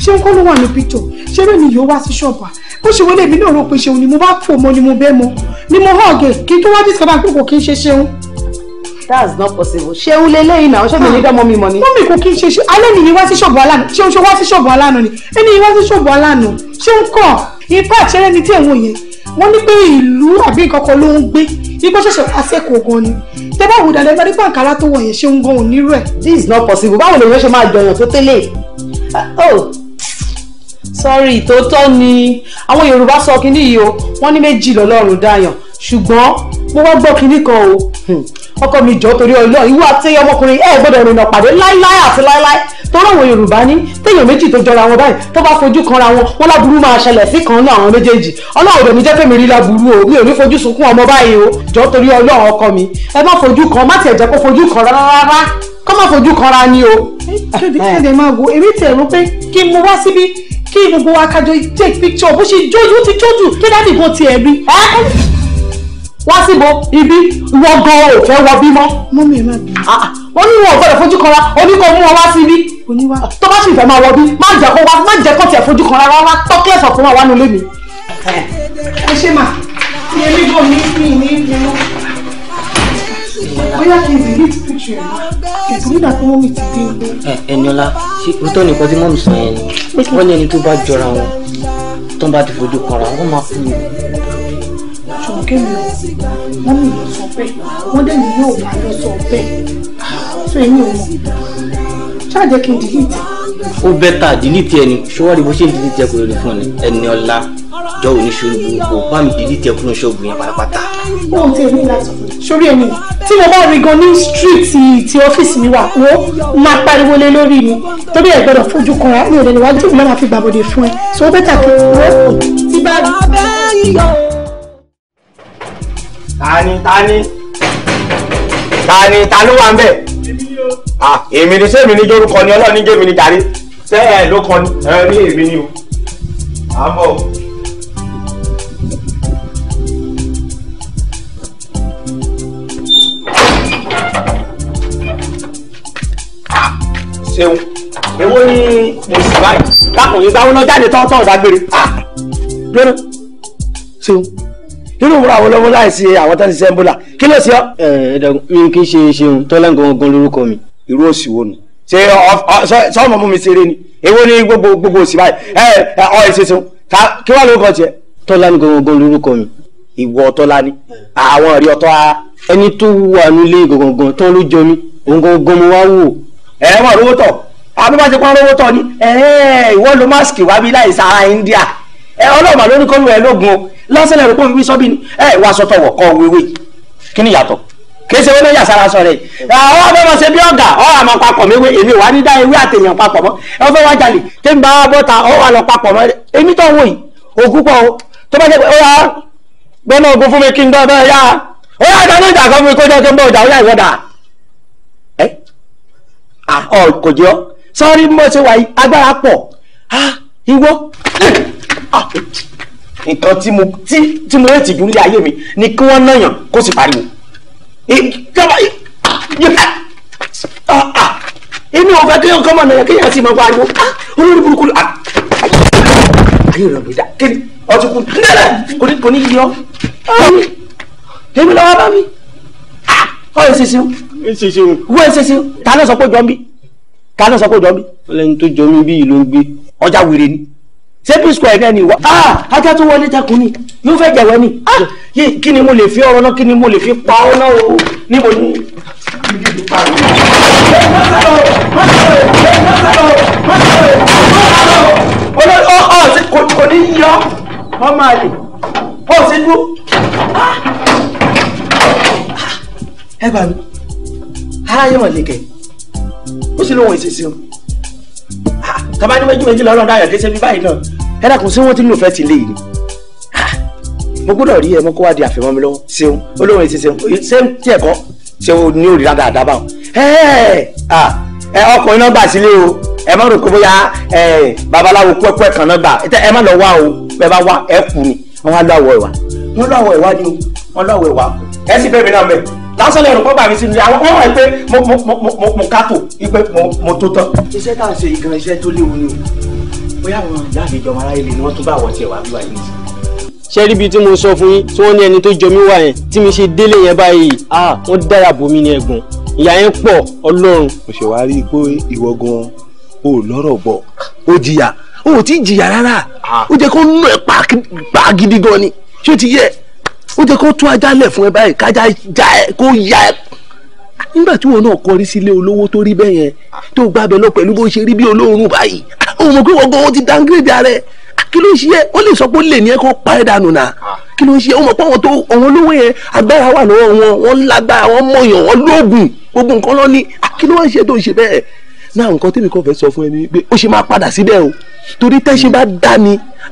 Speaker 1: ṣé ń kọ́ ló wà ní picture ṣé bẹ́ẹ̀ ni yóò wá sí ṣọ́ọ̀bù à bó ṣe wọlé èmi náà rò pé ṣeun ni mo bá fò mọ ni mo bẹ́ mọ ni mo hàgẹ̀ kí n tó wá discover pé kò kí n ṣe ṣeun. that's not possible ṣeun leléyìí náà ṣé mi ní ah, dánmọ́ mi mọ̀ ni. mọ́mì kò kí n ṣe ṣe alẹ́ nìyí wá sí ṣọ́ọ̀bù alánà ṣeun ṣe wá sí ṣọ́ọ̀bù alánà ni ẹni yìí wá sí ṣọ́ọ̀bù alánà ṣeun kọ̀ ipa àṣẹrẹ́ ni tí ẹ̀wọ̀n yẹn wọ́n ní pé ìlú àbí nǹkan kan ló ń gbé igbó ṣẹ̀ṣẹ̀ àṣẹ́kù gan ni tẹ bá wù dáadáa ìgbàdí pàǹkárá tó wọ̀ yẹn ṣe ń gan onírú ẹ̀. this is not possible báwo lèèyàn ṣe máa jọyàn tó tẹ́lẹ̀ ah, oh sọ́rí ìtótọ́ ni àwọn yorùbá sọ kínní yìí o wọ́n ní méjì lọ́lọ́run dáyàn ṣùgbọ́n mo wá gbọ́ kínní kan o hmm. ọkọ mi jọ torí ọlọ́ ìwọ àti ọmọkùnrin ẹ gbọ́dọ̀ rìnà pàdé láíláí àti láíláí tọ́rọ àwọn yorùbá ní téèyàn méjì tó jọra wọn báyìí tó bá fojú kanra wọn wọn láburú máa ṣẹlẹ̀ sí kan náà àwọn méjèèjì ọlọ́run òdò mi jẹ́ pé mi rí láburú o mi ò ní fojú sunkún ọmọ báyìí o jọ torí ọlọ́run ọkọ mi ẹ má fojú kan má tiẹ̀ jẹ́ kó fojú kan rárá kó má fojú kanra ni o. ṣé ibi tí ẹ̀ máa wo èmi tẹ̀ rú pé kí n mú wá síbí kí gbogbo wa kájọ take picture bó ṣe jójú ó ti jójú kí dáàbì kan tiẹ̀ rí wá síbo ibi wọ́n gan ò fẹ́ wọ
Speaker 2: bímọ. mú mi má bí. wọ́n
Speaker 1: ah, ah, ní wọn ò gbọ́dọ̀ fojú kanra oníkan mú wọn wá síbí. oníwà tó bá sì fẹ́ máa wọ bí má jẹ́ kó wá má jẹ́ kó tiẹ̀ fojú kanra rárá tọ́kílẹ̀ sọ̀tún wà wá nílé mi. ẹ ṣe mà ní ẹni bò ní ní ní ní bóyá kí n delete picture ẹ̀ kẹ̀tù nígbà tí wọ́n mi ti dé
Speaker 5: ilé. ẹ Ẹniọlá ṣé òótọ́ nìkan tí mọ́mí sọ yẹn ni wọ́n ní ẹni tó bá jọra wọn tó bá ti fojú kanra wọ́n máa kú ni.
Speaker 1: ṣùgbọ́n mi ò mọ́mí lọ sọ bẹ́ẹ̀ wọ́n dẹ̀ ní yóò máa lọ sọ bẹ́ẹ̀ tó ah, èmi ò mọ̀ ṣáà jẹ́ kí n delete
Speaker 5: ó bẹ́ ta delete ẹni ṣọwọ́rì bó ṣe ń delete ẹkùn lórí fún ẹni ọlá jọ oníṣòro burúkú bá mi delete ẹkùn ṣọ́ọ̀bù yẹn pátápátá.
Speaker 1: ohun tí èmi láti sórí ẹni tí mo bá rí gan ní street ti ọ́fíìsì mi wà wo máa pariwo lé lórí mi torí ẹ̀ gbọ́dọ̀ fojú kan ẹ̀ mi ò lè lè wájú tí mo máa fi gbàbọ̀dẹ̀ fún ẹ so ó bẹ́ ta kí wọ́n ti bá rí.
Speaker 5: tani tani
Speaker 1: ta ni ta ló wà èmi ni sẹ́mi ní jórúkọ ni ọlọ́ọ̀ni jẹ́mi ní jàre sẹ́ ẹ̀ ló kọ ni ẹ̀ ní èmi ni o. àbọ̀ o. ṣeun èwo ni mo sì báyìí lákùnrin gbáwó náà jáde tọ́tọ́ ọ̀dà gbére. ṣeun irú ìmúra àwọn olówó láìsí àwọn tó ń ṣiṣẹ́ ńbólà kí ló ṣe ọ́. ẹ ẹ dàgbọ́n mi kì í ṣe ṣeun tọ́lá gangan lórúkọ mi. irú òsì wo ni ṣe sọmọ mú mi ṣeré ni èwo ni gbogbo gbogbo òsì báyìí ẹ ọ ẹ ṣe ṣeun kí wàá lórúkọ tiẹ. tọ́lá ni gangan lórúkọ mi. ìwọ tọ́lá ni àwọn ọ̀rẹ́ ọ̀tọ́ a. ẹni tó wà nílé gangan tán ló jọ mí òun gangan mo wá wò. ẹ ni ìwọ lo máàsì wá bí India ẹ ọlọ́ọ̀mà lórúkọ mi ẹ lásìlẹ̀ rẹ̀ pọ́n mi sọ́bí ni ẹ wá sọ tọwọ̀ kọ́ wéwé kí ni yàtọ̀ kìí ṣe wọlé yàsára sọ rẹ àwọn ọbẹ̀ wọn ṣe bí ọ̀gá ọ àmọ́ papọ̀ mi wé èmi wà ní dá ewé àtẹ̀yàn papọ̀ mọ́ ẹ fẹ́ wá jalè tí n bá wá bọ́ta ọ wà lọ papọ̀ mọ́ èmi tó ń wò yìí òkú pọ̀ o tó bá jẹ́ pé ó wà gbọ́nà ogun fún mi kí n dọ́ bẹ́ẹ̀ yá ó yà dáná ìjà kan fún mi kó jẹ́ kí n bọ̀ ọjà ó yà ìwọ́dà ẹ ọ ah ìwọ ah nǹkan tí mo tí tí mo rètí jù nílé ayé mi ni kí wọ́n náyàn kó sì pariwo. ìjọba inú ọ̀fẹ́ kéèyàn kọ́ mọ̀ náyàn kéèyàn sì máa pariwo ah, olórí burúkú lọ ah. ayé rẹ̀ ló dá kéde ọtí kú nílẹ̀ kò ní yí ọ́ èmi lọ́wọ́ bá mi ọ̀ ẹ̀ ṣiṣẹ́ ẹ̀ ṣiṣẹ́ wọ́n ẹ̀ ṣiṣẹ́ ta ló sọ pé jọ́ mi ta ló sọ pé jọ́ mi. lẹ́ni tó jọ mí bí ìlú ń gbé ọjà wèrè ni ṣé p square náà ni ìwà. Ah, ajá tó wọlé takùn ni yóò fẹ́ jẹ̀wẹ́ ni ah! kí ni mo lè fi ọ̀rọ̀ náà kí ni mo lè fi pa ọ́ náà o níbo ni. kò ní yọ wọ́n máa lè ó sì dúró. Ah! ẹ bá mi ara yóò wọ̀n lè kẹ́ ó sì lóun ìṣesí o tọ́ba ní méjì méjì lọ́rọ̀ dáyọ̀ kése bí báyìí náà ẹ dákun sí wọn ti lùfẹ́ ti lè ní. mo gbọ́dọ̀ rí ẹ mọ́ kó wá di àfẹ́mọ́ mi lọ́wọ́ ṣeun olóhùn èsì ṣeun ṣeun tí ẹ̀kọ́ ṣeun ní òrìlà dáadáa báwọn. ẹ ọkùnrin náà gbà sílé o ẹ má rò kó bóyá babaláwo pẹ́pẹ́ kan náà gbà ẹ má lọ wá o bẹ́ẹ̀ bá wá ẹ kù ni wọ́n wá lọ́wọ́ ìwà wọ́n lọ́wọ́ ìwà ni wọ́n lọ́wọ́ ìwà ẹ sì bẹ́ẹ̀ mi náà mẹ́ẹ̀ lásán lẹ́rù pọ́ bàmí sí mi àwọn wọ́n wọ̀nyí pé mo mo mo mo mo kátó ipe mo mo tó tán. iṣẹ́ tá à ń ṣe ìgan iṣẹ́ tó léwu ni o bóyá àwọn ìyá àlejò ọmọ aráyé lè ni wọ́n tún bá àwọn tiẹ̀ wá bí wà yìí
Speaker 5: ṣe rí tí mo sọ fún yín tí wọ́n ní ẹni tó jọ mí wà yẹn tí mi ṣe délé yẹn báyìí ah wọ́n dára bò mí ní ẹ̀gbọ́n ìyá yẹn pọ̀ ọlọ́run. mo ṣe
Speaker 1: wá rí i pé ìwọ gan o lọ́rọ̀ bọ̀ o jìyà o ò tí ì jìyà rárá o jẹ́ kó nù ẹ̀ pa gidi gan ni ṣé o ti yẹ. ó jẹ́ kó tún ajá lẹ fún ẹ báyìí kájá já ẹ kó yá ẹ. nígbà tí wọn náà kọrí sílé olówó tó rí bẹ́ẹ̀ yẹn tó gbá abẹ lọ pẹ̀lú bó ṣe rí bí báyìí ti downgrade ara ẹ̀ kí ló ń ṣe ó lè sọ pé ó lè ní ẹ kó pa ẹ dànù náà kí ló ń yẹn agbára wà wọn lágbára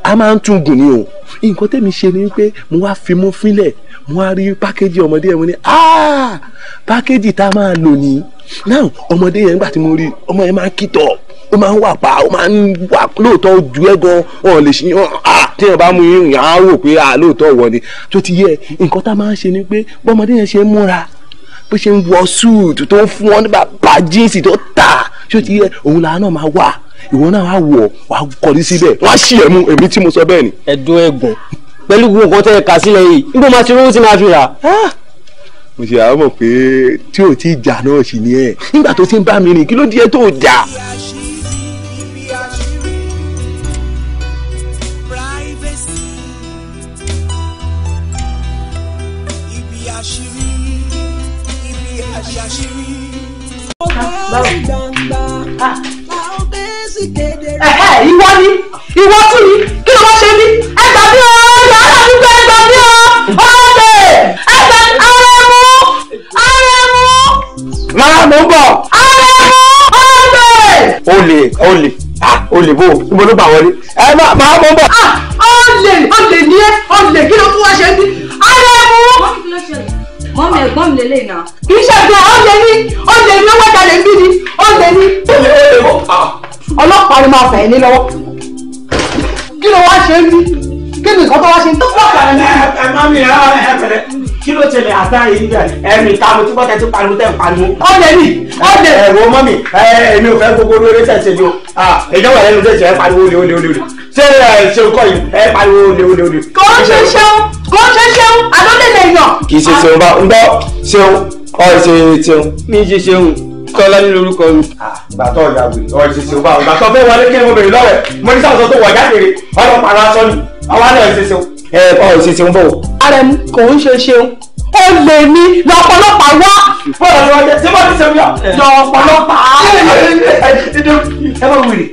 Speaker 1: a máa ń tún gùn ni o nǹkan tẹ́mi ṣe ni pé mo wá fi mú fílẹ̀ mo wá rí pákéjì ọmọdé yẹn mo ní ah! pákéjì tá a máa lò ní náà ọmọdé yẹn nígbà tí mo rí ọmọ yẹn máa ń kìtọ̀ ó máa ń wà pa ó máa ń wà lóòótọ́ ju ẹ gan ọ̀n lè ṣe ah! téèyàn bá mú yín yàn á rò pé ah, lóòótọ́ wọ̀ ni ti yẹ nǹkan tá a máa ń ṣe ni pé bọ́mọdé yẹn ṣe ń múra bó ṣe ń wọ súùtù tó ń fún wọn nípa bá jíǹsì ti yẹ òun máa ìwọ náà wàá wọ̀ wàá kọrí síbẹ̀ wàá ṣì ẹ̀ èmi tí mo sọ bẹ́ẹ̀ ni. ẹ̀dùn ẹ̀gbọ̀n pẹ̀lú gbogbo nǹkan tẹ́ ẹ kà sílẹ̀ yìí níbo máa ti rówó tí máa fi rà. mo ṣe àwọn pé tí ò tí jà náà sì ni ẹ̀ nígbà tó ti ń bá mi rìn kí ló di ẹ tó jà. Ah, ẹ̀hẹ́ ìwọ ni ìwọ tún ni
Speaker 2: kí ló wá ṣe ní ẹgbà bí o yàrá àdúgbò ẹgbà bí o ọ̀rẹ́
Speaker 1: ẹgbà ara mu ara mu. máa mú
Speaker 2: bọ̀. ara
Speaker 1: mu ọ̀rẹ́. olè olè olè bò níbo ló bà wọlé ẹ máa mú bọ̀. olè olè ni ẹ olè kí ló tún wá ṣe ní ara mu
Speaker 4: mọ́mí ẹ̀gbọ́n mi lélẹ̀ náà.
Speaker 1: kì í ṣe ẹ̀gbọ́n ọ̀lẹ́ ní ọ̀lẹ́ ní owó ìdálẹ̀ ń bí ni ọ̀lẹ́ ní ọlọ́pàá ni máa fà ẹ́ lé kí ló wá ṣe ń bí kí ni nǹkan tó wá ṣe ń tó pàpà ní. ẹ má mi ẹ ẹ bẹ̀rẹ̀ kí ló tẹ̀lé àtá yìí bẹ̀ ẹ̀rìn ká mo ti bọ́ tẹ́tí pariwo tẹ́ pariwo. ó lè ní ẹ wo mọ́mì ẹ èmi ò fẹ́ gbogbo lórí tẹ̀sí ju ìjọba ẹ̀rọ tẹ̀sí ẹ pariwo olè olè olè ṣé ẹ ṣe kọ́ yìí ẹ pariwo olè olè olè. kò ń ṣe ṣeun
Speaker 2: kò ń ṣe ṣeun àlọ́ lè lè
Speaker 1: yàn. kì í ṣe ṣeun bá ń gbọ́ ṣeun ọ̀ ṣe ṣeun. mi ṣe ṣeun. Tọ́lá ní lórúkọ mi. Gbàtọ̀ ìyá wèrè ọ̀rọ̀ ìṣèṣe ò bá wọn. Gbàtọ̀ fẹ́ wọlé kí ni mo bèrè lọ́wẹ̀. Mo ní sáwọn tó wọ̀ jáde rè ọ̀rọ̀ pàrọ̀ aṣọ ni. Àwọn àlọ́ ìṣèṣe o. Ẹ ọ ìṣèṣe ń bọ̀ wò. Ààrẹ mi kò ń ṣe ṣeun. Ó lè ní lọ́pọ̀lọpọ̀ wá. Bọ́ọ̀lù ni wọ́n jẹ́ sí bọ́ọ̀lù ṣe wíyà. Lọ́pọ̀lọpọ̀ á. Ẹ bá wèrè.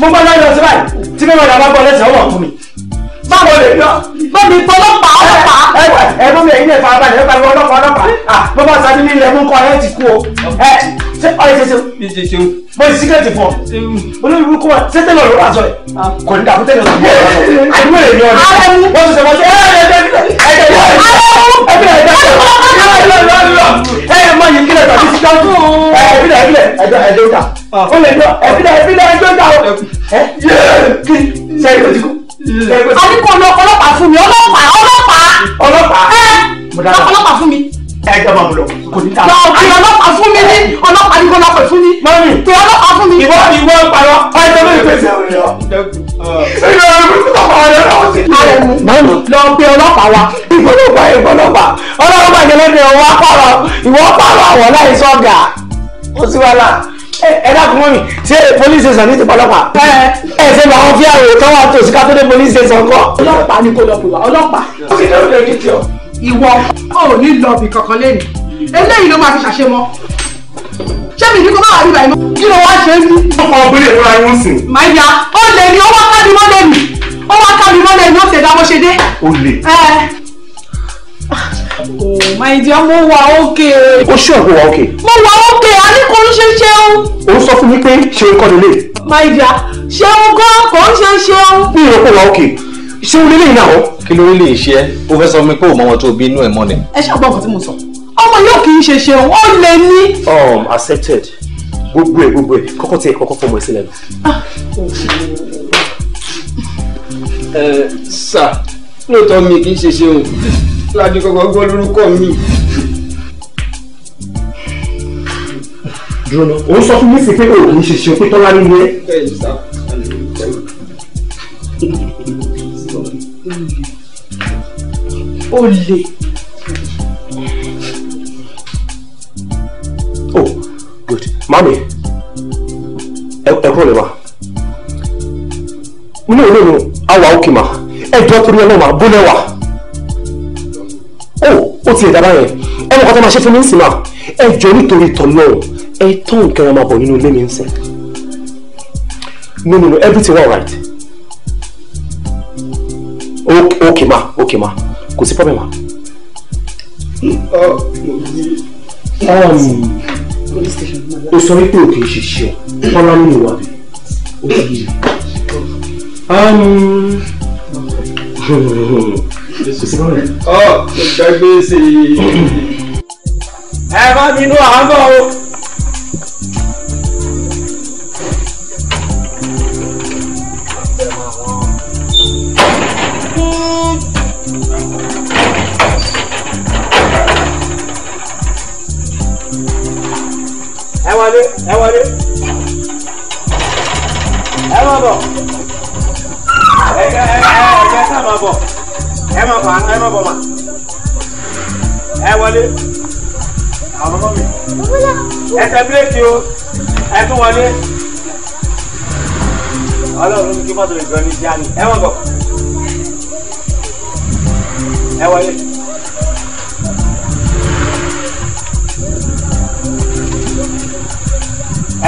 Speaker 1: Mo bá lọ́yọ̀ sí báyìí. Tí mẹ́rin àbá gbọ́ lẹ́sẹ̀ ọ̀wọ̀ fún mi báwo lè lọ bámi fọlọ́pàá ọlọ́pàá. ẹ ẹ mọ mi ẹyin náà fara balẹ̀ ọlọ́pàá ọlọ́pàá
Speaker 3: ọlọ́pàá
Speaker 1: bó bá sáré nílẹ̀ mú kọ́ ẹ ti kú o ẹ ṣé ọyẹ ṣe ṣe ṣe ṣe o. mo ti síkẹ́ẹ̀tì fọ olórí burúkú wa ṣé tẹ́lẹ̀ ló wà sọ kò ní dàbí tẹ́lẹ̀ ló wà sọ yìí àìmọ̀ èyí ọ̀rẹ́ wọ́n ti sọ fọ́ ṣe a ní kó lọ ọlọ́pàá fún mi ọlọ́pàá ọlọ́pàá ọlọ́pàá ọlọ́pàá fún mi. ẹ jẹ́ bàmù lọ kò ní ta. lọ bí ọlọ́pàá fún mi ní ọlọ́pàá ní kó lọ́pàá fún mi. mọ́mí tó ọlọ́pàá fún mi. ìwọ ìwọ parọ́ ọjọ́ mi fèsì
Speaker 3: àwọn èèyàn. ìyá mi kò tọ́
Speaker 1: ọ̀rẹ́ náà sí. mọ́mí lọ bí ọlọ́pàá wa ìfọlọ́pàá ìfọlọ́pàá ọlọ́pàá ìjọba ìwọ pààrọ̀ ìwọ pààrọ̀ àwọ̀ láì sọ́gà ó sì wá láà ẹ dákun mọ́ mi ṣé police station ní ti pọlọ́pàá. ẹ ẹ ṣe bá wọn fi àwòrán tó wà tòsí ká tó dé police station kọ. ọlọ́pàá ni kò lọ pè wá ọlọ́pàá. ó sì lọ́ọ́ lè ní ìwọ ò ní lọ bì kankan lẹ́nu eléyìí ló máa fi ṣàṣemọ́ ṣé mi ní kó má wà níbà yìí kí ló wá ṣe é bí. ọkọ̀ ọ̀gbìn ìwúra ẹ̀ wọ́n sìn. màá yà ó lè ní owó akádi mọ́lẹ̀ mi owó akádi mọ́lẹ̀ mi ó ṣèdá ṣe dé. ó lè. ẹ Oh, my dear, mo wà okay. Ó ṣe ọ̀gbọ́n wà okay. Mo wà okay, a ní kò ń ṣe ṣeun. Ó sọ fún mi pé ṣe ń kọ́ nílé. My dear, ṣeun gan kò ń ṣe ṣeun. Mi ò rò pé wà okay. Ṣeun nílé yìí náà. Kí ló lè ṣe ẹ́? o fẹ́ sọ mi pé òun mọ tó bí inú ẹ̀ mọ́ ni. Ẹ ṣàgbọ́n nǹkan tí mo sọ. Ọmọ yóò kì í ṣe ṣeun, ó lè ní. Um, accepted. Gbogbo ẹ̀ gbogbo ẹ̀ kọ́kọ́ tiẹ̀ kọ́kọ́ fọmọ ẹ̀ sílẹ̀ lọ. Ẹ sà, lóòótọ́ mi kì í ṣe ṣeun síwájú kọ́kọ́ gbọ́ lórúkọ mi. dúró lọ sọ fún mi sí pé o ṣe ṣe pé tọ́lá nínú ẹ. o lè. oh good mami ẹ kúrò lè ma no no no awa òkè ma ẹ jọ torí ẹ náà ma bó lẹ tiẹ̀ dábàá yẹn ẹ mọ̀ kọ́ tó máa ṣe fún mi ń sìn náà ẹ jọ nítorí ìtọ̀ ẹ tó nǹkan ẹ bọ̀ nínú ilé mi ń sìn no no no everything all right okay, okay ma okay ma kò sí problem ma. Um, o sọ wípé o kì í ṣe ṣe ọ kọ́lá nínú wa bi o kì í ṣe. Um,
Speaker 5: kò sí problem.
Speaker 1: Oh gbàgbèsè. ẹ má bínú àbọ̀ o.
Speaker 3: ẹ wọlé ẹ wọlé ẹ má bọ̀ ẹ ẹ ẹ ẹ ẹ ká má bọ̀ ẹ má bọ̀ ẹ má bọ̀ má wọlé àwọn ọmọ mi ẹsẹ̀
Speaker 5: bírèkì o ẹ tún wọlé ọlọ́run ní kí mọ́tò ìjọ ní sí àná ẹ wọ́n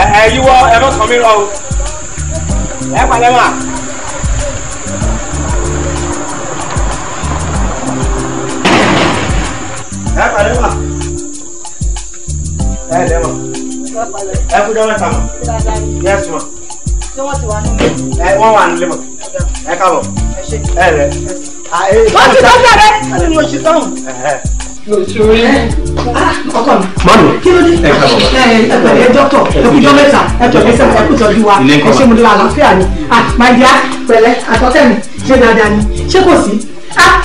Speaker 1: ẹ ẹ yíwọ ẹ mọ kàn rọ o ẹ palẹ̀ mọ́ a. palẹ̀ mà. ẹ ẹ lẹ́mọ̀. ẹ kú jọ́mọ̀ ta mọ̀. yẹ́sì mọ̀. ṣé wọ́n ti wà nílé? ẹ wọ́n wà nílé mọ̀. ẹ káàbọ̀. ẹ rẹ. wọ́n ti tọ́jú rẹ.
Speaker 5: ẹni mo ṣe tán. Mami, kí ló dé? Ẹ káàbọ̀ bá. Ẹ ẹ ẹ dọ́kítọ̀, ẹ kú jọ
Speaker 1: mẹ́ta, ẹ wa. Ilé ń Ẹ ni. Ah, màá di á pẹ̀lẹ́, àtọ́tẹ̀ mi, ṣé dáadáa ni? Ṣé kò sí?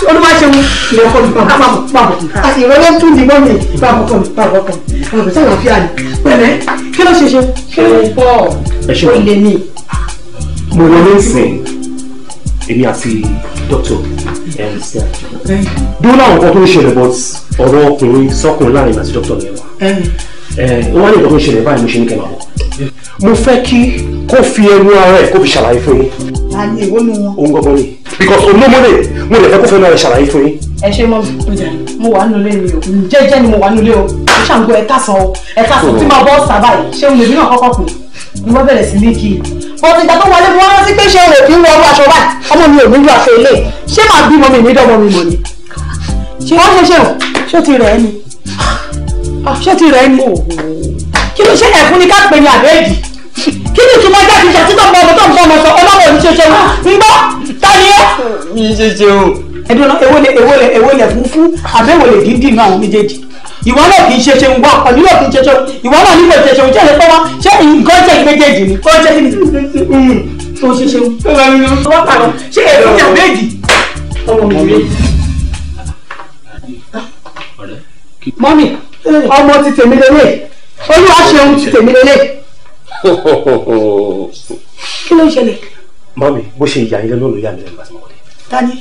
Speaker 1: olúwa ṣe mu ilẹ̀ ọkọ mi bàbá bàbá ìrọ̀lẹ́ tún di mọ́mì bàbá ọkọ mi bàbá ọkọ mi ọ̀rọ̀ sọ̀rọ̀ fi àlè pẹ̀lẹ́ kí ló ṣe ṣe ṣé o bọ̀ ó lè ní. mo wọlé sìn èmi àti dókítà ẹnìsíà bí ó láwọn kan tó ń ṣẹlẹ̀ bọ́t ọ̀rọ̀ ọkùnrin sọ́kùnrin láàrin àti dókítà yẹn wa ó wá ní ìtọ́ tó ń ṣẹlẹ̀ báyìí mo ṣe ní kẹ́ máa wọ̀ mo fẹ́ kí kó fi ẹnu ara ẹ̀ kó fi ṣàlàyé fún yín àyè ìwọ nu wọn. òun gbọ́dọ̀ ni because òun ló mọ́lẹ̀ mo lè fẹ́ kó fẹ́ náà ṣàlàyé fún yín. ẹ ṣe mọ mo wà nílé mi o jẹ́jẹ́ ni mo wà nílé o mo ṣàǹgó ẹ̀ka sàn o ẹ̀ka sàn tí máa bọ́ sábà yìí ṣé olè mi náà kọ́kọ́ pè ni wọ́n bẹ̀rẹ̀ sí ní kí i. bọ́sì ìgbà tó wọlé mo wá rántí pé ṣé olè fi ń wọ aṣọ báyìí ọmọ mi ò ní ju aṣọ ilé ṣé màá bímọ mi ní dọ́mọ mi mọ̀ ni. ṣé wọ́n ṣe ṣe o ṣé o ti rẹ̀ ẹ́ ni ah, ṣé o ti rẹ̀ ẹ́ ni kí ló ṣe ẹ̀fún ni ká pè ní àbẹ́ẹ̀dì kí ni ìtumọ̀ jáde ìjà títọ́ mọ ọmọ tó ń bọ́ ọmọ sọ ọlọ́wọ́ ò ní ṣe ṣeun ah, ń gbọ́ ta ni
Speaker 3: ẹ́.
Speaker 1: mi ṣe ṣeun. ẹdun náà èwo lè èwo lè èwo lè funfun àbẹ̀wò lè dídì náà àwọn méjèèjì ìwọ náà kì í ṣe ṣeun gbọ́ ọ̀nì náà kì í ṣe ṣeun ìwọ náà nígbà ṣe ṣeun ṣe lè pẹ́ wá ṣé nǹkan ṣe méjèèjì ni kò ṣe kí ni tó ṣe ṣeun. ṣé èdè ìjà méjì. mọ́mì ọmọ ti tèmi lélẹ̀ olúwa ṣeun ti tèmi lélẹ̀ kí ló ń ṣẹlẹ̀. mami bó ṣe ìyá yín lọ́nà ìyá mi lẹ́nu àti mọ̀kọ́lẹ́. tani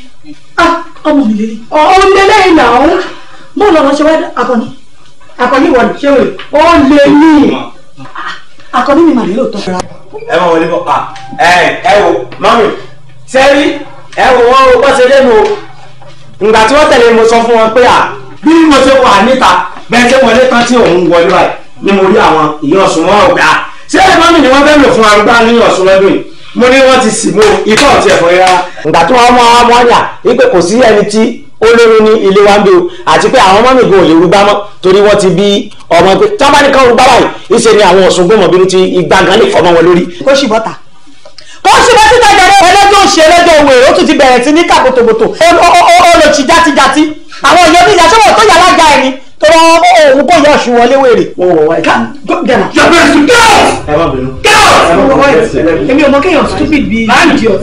Speaker 1: ah ọmọ mi lélẹ̀. ọmọ mi lélẹ̀ ìlà ọ̀hún bọ́ọ̀lù ọ̀rọ̀ ṣe wá akọni akọni ìwọ ni ṣé wèrè ó lè ní akọni mi mà nílò tọ́. ẹ máa wọlé bọ ah, ẹ ẹ wo mami sẹ́rí ẹ wo wọ́n wọ́n ṣe lẹ́nu o ìgbà tí wọ́n tẹ̀lé mo sọ fún wọn pé à ah, bí mo ṣe wà níta bẹ́ẹ̀ ṣe wọlé tán tí òun wọlé báyìí ni mo rí àwọn ìyọ̀sùn wọn ọ̀gá ṣé ẹ̀fọ́nì ni wọ́n fẹ́ lò fún arúgbó ní ọ̀ṣun lọ́dún yìí mo ní wọ́n ti sì mú ikọ́ ọ̀tí ẹ̀fọ́ yá. ìgbà tí wọ́n mọ àwọn ọmọ ọ̀yà wípé kò sí ẹni tí ó lóyún ní ilé wa ń bí o àti pé àwọn ọmọ gan ò lè rúgbá mọ́ torí wọ́n ti bí ọmọ pé tí wọ́n bá ní ká rúgbá báyìí ìṣe ni àwọn ọ̀ṣun gbọ́mọ̀ bínú ti igbá gan lè fọmọ wọn lórí. kó sì bọ́ta kó sì bọ́ síta jẹrẹ ẹlẹ́jọ́ òṣì ẹlẹ́jọ́ òwe ó tún ti bẹ̀rẹ̀ sí ní kàbòtòbòtò ó lò ti játijáti àwọn ìyẹn bí ìyàsọ́wọ́ tó tọ́lá òun kò yọ ọ̀ṣun wọlé wèrè. wọn wọ wáyé kan. gẹ́nà. yàgbẹ́ sùn gẹ́ọ̀s. ẹ má bínú. gẹ́ọ̀s. wọn wọ wáyé èmi ò mọ kéèyàn stupid bíi idiot.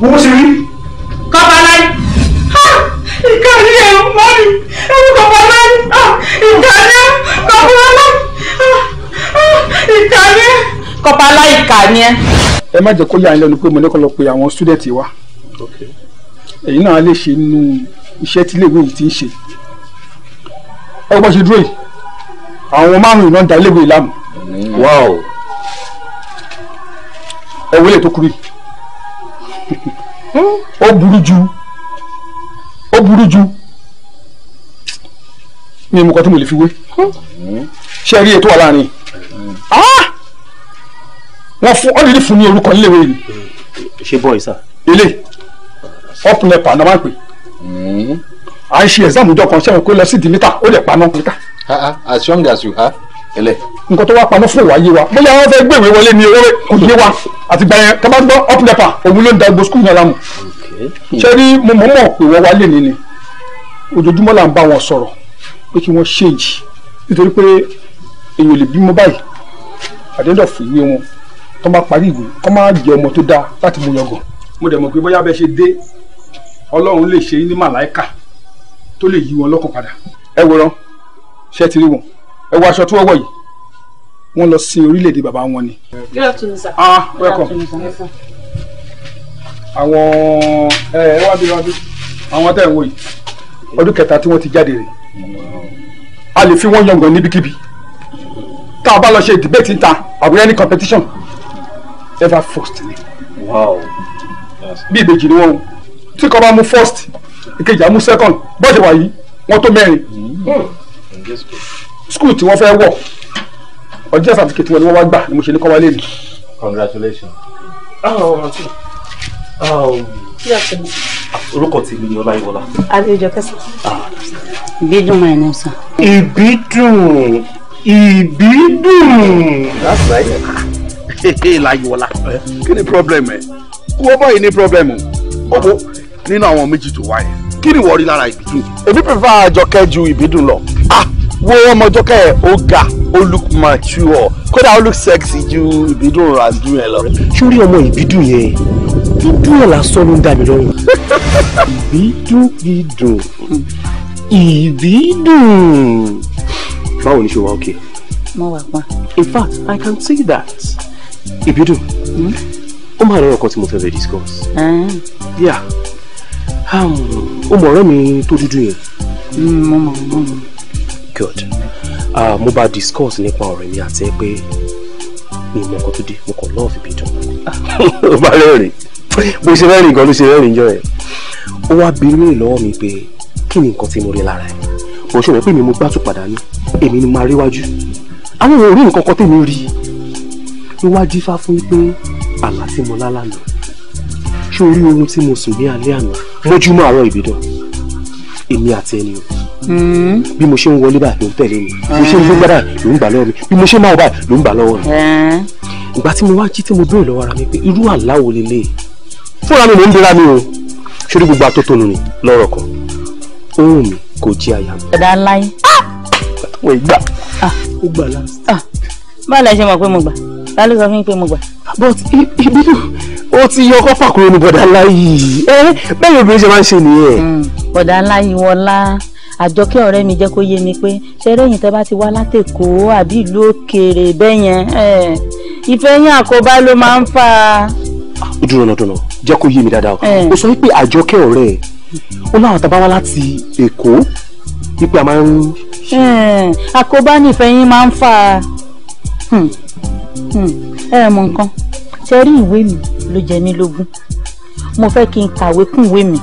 Speaker 1: wọ́n mú sí rí. kọ́ba láì. ìka ní ẹ̀rù mọ́ni ẹ̀rù kọ́ba láì. ìka ní
Speaker 2: kọ́ba láì. ìka ní. kọ́ba láì kà ní ẹ.
Speaker 1: ẹ má jẹ́ kó yà yín lẹ́nu pé mo ní kọ́ lọ pe àwọn student wa. Okay ẹ̀yin náà lè ṣe nínú iṣẹ́ tí iléèwé yìí ti ń ṣe ọgbọ́n ṣe dúró yìí àwọn márùn-ún náà da iléèwé yìí láàmú. wáò ẹ wọlé tó kúrò ó burú ju ó burú ju mi mú kọ́ tí mo lè fi wé ṣe rí ètò wà láàrin
Speaker 3: ah! wọ́n fún ọ́ nílé
Speaker 1: fún mi orúkọ iléèwé yìí. ṣé bọ́ọ̀ yìí ilé up nepa náà máa ń pè à ń ṣe exam ìjọ kan ṣẹ́wọ̀n kó lọ sí di mítà ó lè paná. as young as you are ẹlẹ. nǹkan tó wá paná fún wa yé wa bóyá wọn fẹ́ gbèwé wọlé ni owó kò yé wa àti gbà yẹn tó bá gbọ́ up nepa òun ló ń da gbogbo skul náà lámù. ṣé rí mo mọ̀ mọ̀ pé wọ́n wá lè ní ni ojoojúmọ́ là ń bá wọn sọ̀rọ̀ pé kí wọ́n ṣèǹjì nítorí pé èyí ò lè bímọ báyìí àdéhùn ìwé wọn tó máa parí ìwé kó máa jẹ ọmọ tó dáa láti mú yangàn mo dẹ̀ mọ̀ pé bóyá bẹ́ẹ̀ ṣe dé ọlọ́run lè ṣe ní màláìkà tó lè yí wọn lọ́kàn padà ẹ wòran ṣe ti rí wọn ẹ wo aṣọ tí wọ́n wọ̀ yìí wọ́n lọ sin orílẹ̀-èdè bàbá wọn ni. good afternoon sir. ah welcome. àwọn ẹ wá bí wá bí àwọn tẹ̀ ń a lè fi wọ́n yangàn níbikíbi tá a bá lọ ṣe debate ta àbúrẹ́ ní competition ever first ni. wow bí ìbejì ni wọ́n o tí kò bá mú first ìkejì àmú second bọ́ọ̀dì wàyí wọ́n tó mẹ́rin school tí wọ́n fẹ́ wọ̀ ọjọ́ certificate wọn ni wọ́n wá gbà ni mo ṣe ní kọ́ wálé mi. congratulations.
Speaker 5: Ah, oh, oh,
Speaker 1: ah, oh. orúkọ tèmi ni ọláyíwọlá.
Speaker 4: adéjọ kẹsàn.
Speaker 1: ìbídùn my name sir.
Speaker 3: ìbídùn
Speaker 1: ìbídùn. that's right. láyíwọlá kí ni problem ẹ. Eh? wo bọ́yìí ní pírọ́blẹ́mù owó nínú àwọn méjì tó wáyé kí ni wọ́n rí lára ìbídùn. èmi prefer àjọkẹ́ ju ìbídùn lọ. ah wo ọmọ àjọkẹ́ ó ga ó look mature kódà ó look sexy ju ìbídùn ràdùn ẹ lọ. sórí ọmọ ìbídùn yẹn dúdú ẹ̀ lásán ló ń dà mí lọ́rùn. ìbídùn ìdùn ìbídùn. báwo ni ṣe wà ókè. mo wà pa. in fact i can see that ìbídùn. Mm? ó máa lọ́rọ̀ kan tí mo fẹ́ fẹ́ discuss.
Speaker 2: yà um,
Speaker 1: ó mọ̀ ọ̀rẹ́ mi tó dúdú yẹn.
Speaker 2: Mm, mo mọ̀ mo mọ̀.
Speaker 1: good mo bá discuss nípa ọ̀rẹ́ mi àti ẹ pé mi mọ nǹkan tó dé mo kàn lọ́ọ̀ fi bí dùn. ó bá rẹ́rìn bó ṣe rẹ́rìn gan ló ṣe rẹ́rìn jọ yẹn. ó wá bí mi lọ́wọ́ mi pé kí ni nǹkan tí mo rí lára ẹ̀ mo ṣe rẹ̀ pé mi mo gbá tó padà ní èmi ni mo máa ríwájú àwọn èèyàn rí nǹkan kan tèmi rí iwájú ifá fún yín pé àlá tí mo lá lánàá ṣé orí oorun tí mo sùn ní alẹ́ àná mọ́júmọ́ àárọ̀ ìbídàn èmi àti ẹni o hmm? bí mo ṣe ń wọlé báyìí ló ń tẹ̀lé mi bí mo ṣe ń gbé gbádà ló ń gbà lọ́wọ́ mi bí mo ṣe ń máa báyìí ló ń gbà lọ́wọ́ mi ìgbà tí mo wá jí tí mo béèrè lọ́wọ́ ara mi pé irú àlá wo lélẹ̀ fúnra mi mò ń bira mi o ṣorí gbogbo atótónu ni lọ́rọ̀ kan ohun mi kò jí àyà mi.
Speaker 2: ẹ̀dá ńlá yín. wọ́n ì gbà ah. ó gbà láti. Ah. báwo la ṣe mọ̀ pé mo gbà ta sọ fún mi pé mo gbà but ìbínú
Speaker 1: ó ti yọ kọ́fà kúrò ní bọ̀dá ńlá yìí ẹ bẹ́ẹ̀ obìnrin ṣe máa ń ṣe nìyẹn.
Speaker 2: Mm, bọ̀dá ńlá yìí wọlá àjọkẹ́ ọ̀rẹ́ mi jẹ́ kó yé mi pé ṣẹ́rẹ́yìn tẹ́ bá ti wá látẹ̀kọ́ àbí ìlú òkèèrè bẹ́yẹn ìfẹ́ yín àkóbá ló máa ń fà á.
Speaker 1: dúró náà dúró jẹ́ kó yé mi dáadáa o sọ pé àjọkẹ́ ọ̀rẹ́ ẹ̀ ó láwọn tá a bá wá láti èkó wípé a máa ń.
Speaker 2: àkóbá nìfẹ́ yín máa ń fà Hmm, ẹ mọ nǹkan ṣe rí ìwé mi ló jẹ mí lógún mo fẹ́ kí n kàwé kún ìwé mi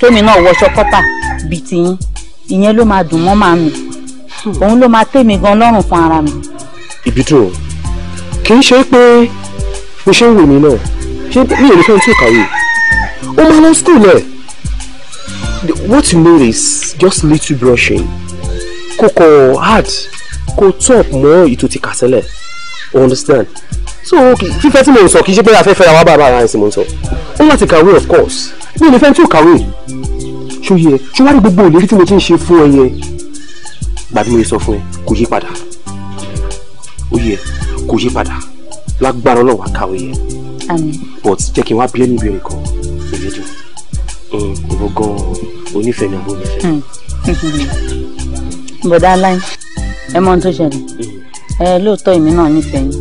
Speaker 2: kémi náà wọṣọ kọ́tà bíi tiyín ìyẹn ló máa dùn mọ́ màá mi òun ló máa tèmi gan lọ́rùn fún ara mi. ibi tó kì í ṣe pé
Speaker 1: mo ṣe ń wò mí náà ṣé mi ò ní fẹ́ tí ò kàwé ó máa lọ school ẹ̀ what you know is just little brushing kókó hard kó top mọ́ ètò ti kà understand so okay fífẹ́ tí mo ń sọ kì í ṣe pé afẹ́fẹ́ ra wá bàbá ara ẹ̀sìn mo ń sọ ó láti kàwé of course mi ò lè fẹ́ tí ò kàwé ṣòye ṣòwárí gbogbo òlérí tí mo ti ń ṣe fún ẹ yẹn gbàdí mo lè sọ fún ẹ kò yí padà ó yẹ kò yí padà lágbára náà kàwé yẹn but jẹ́ kí n wá bí ẹni ìbéèrè kan èyí dùn mm, ìwọ gan
Speaker 5: onífẹ̀ẹ́ ni àbúrò
Speaker 2: mi fẹ́. bọ̀dá aláìn ẹ mọ ohun tó ṣẹlẹ̀. Mm ẹ lóòótọ́ èmi náà nífẹ̀ẹ́ yín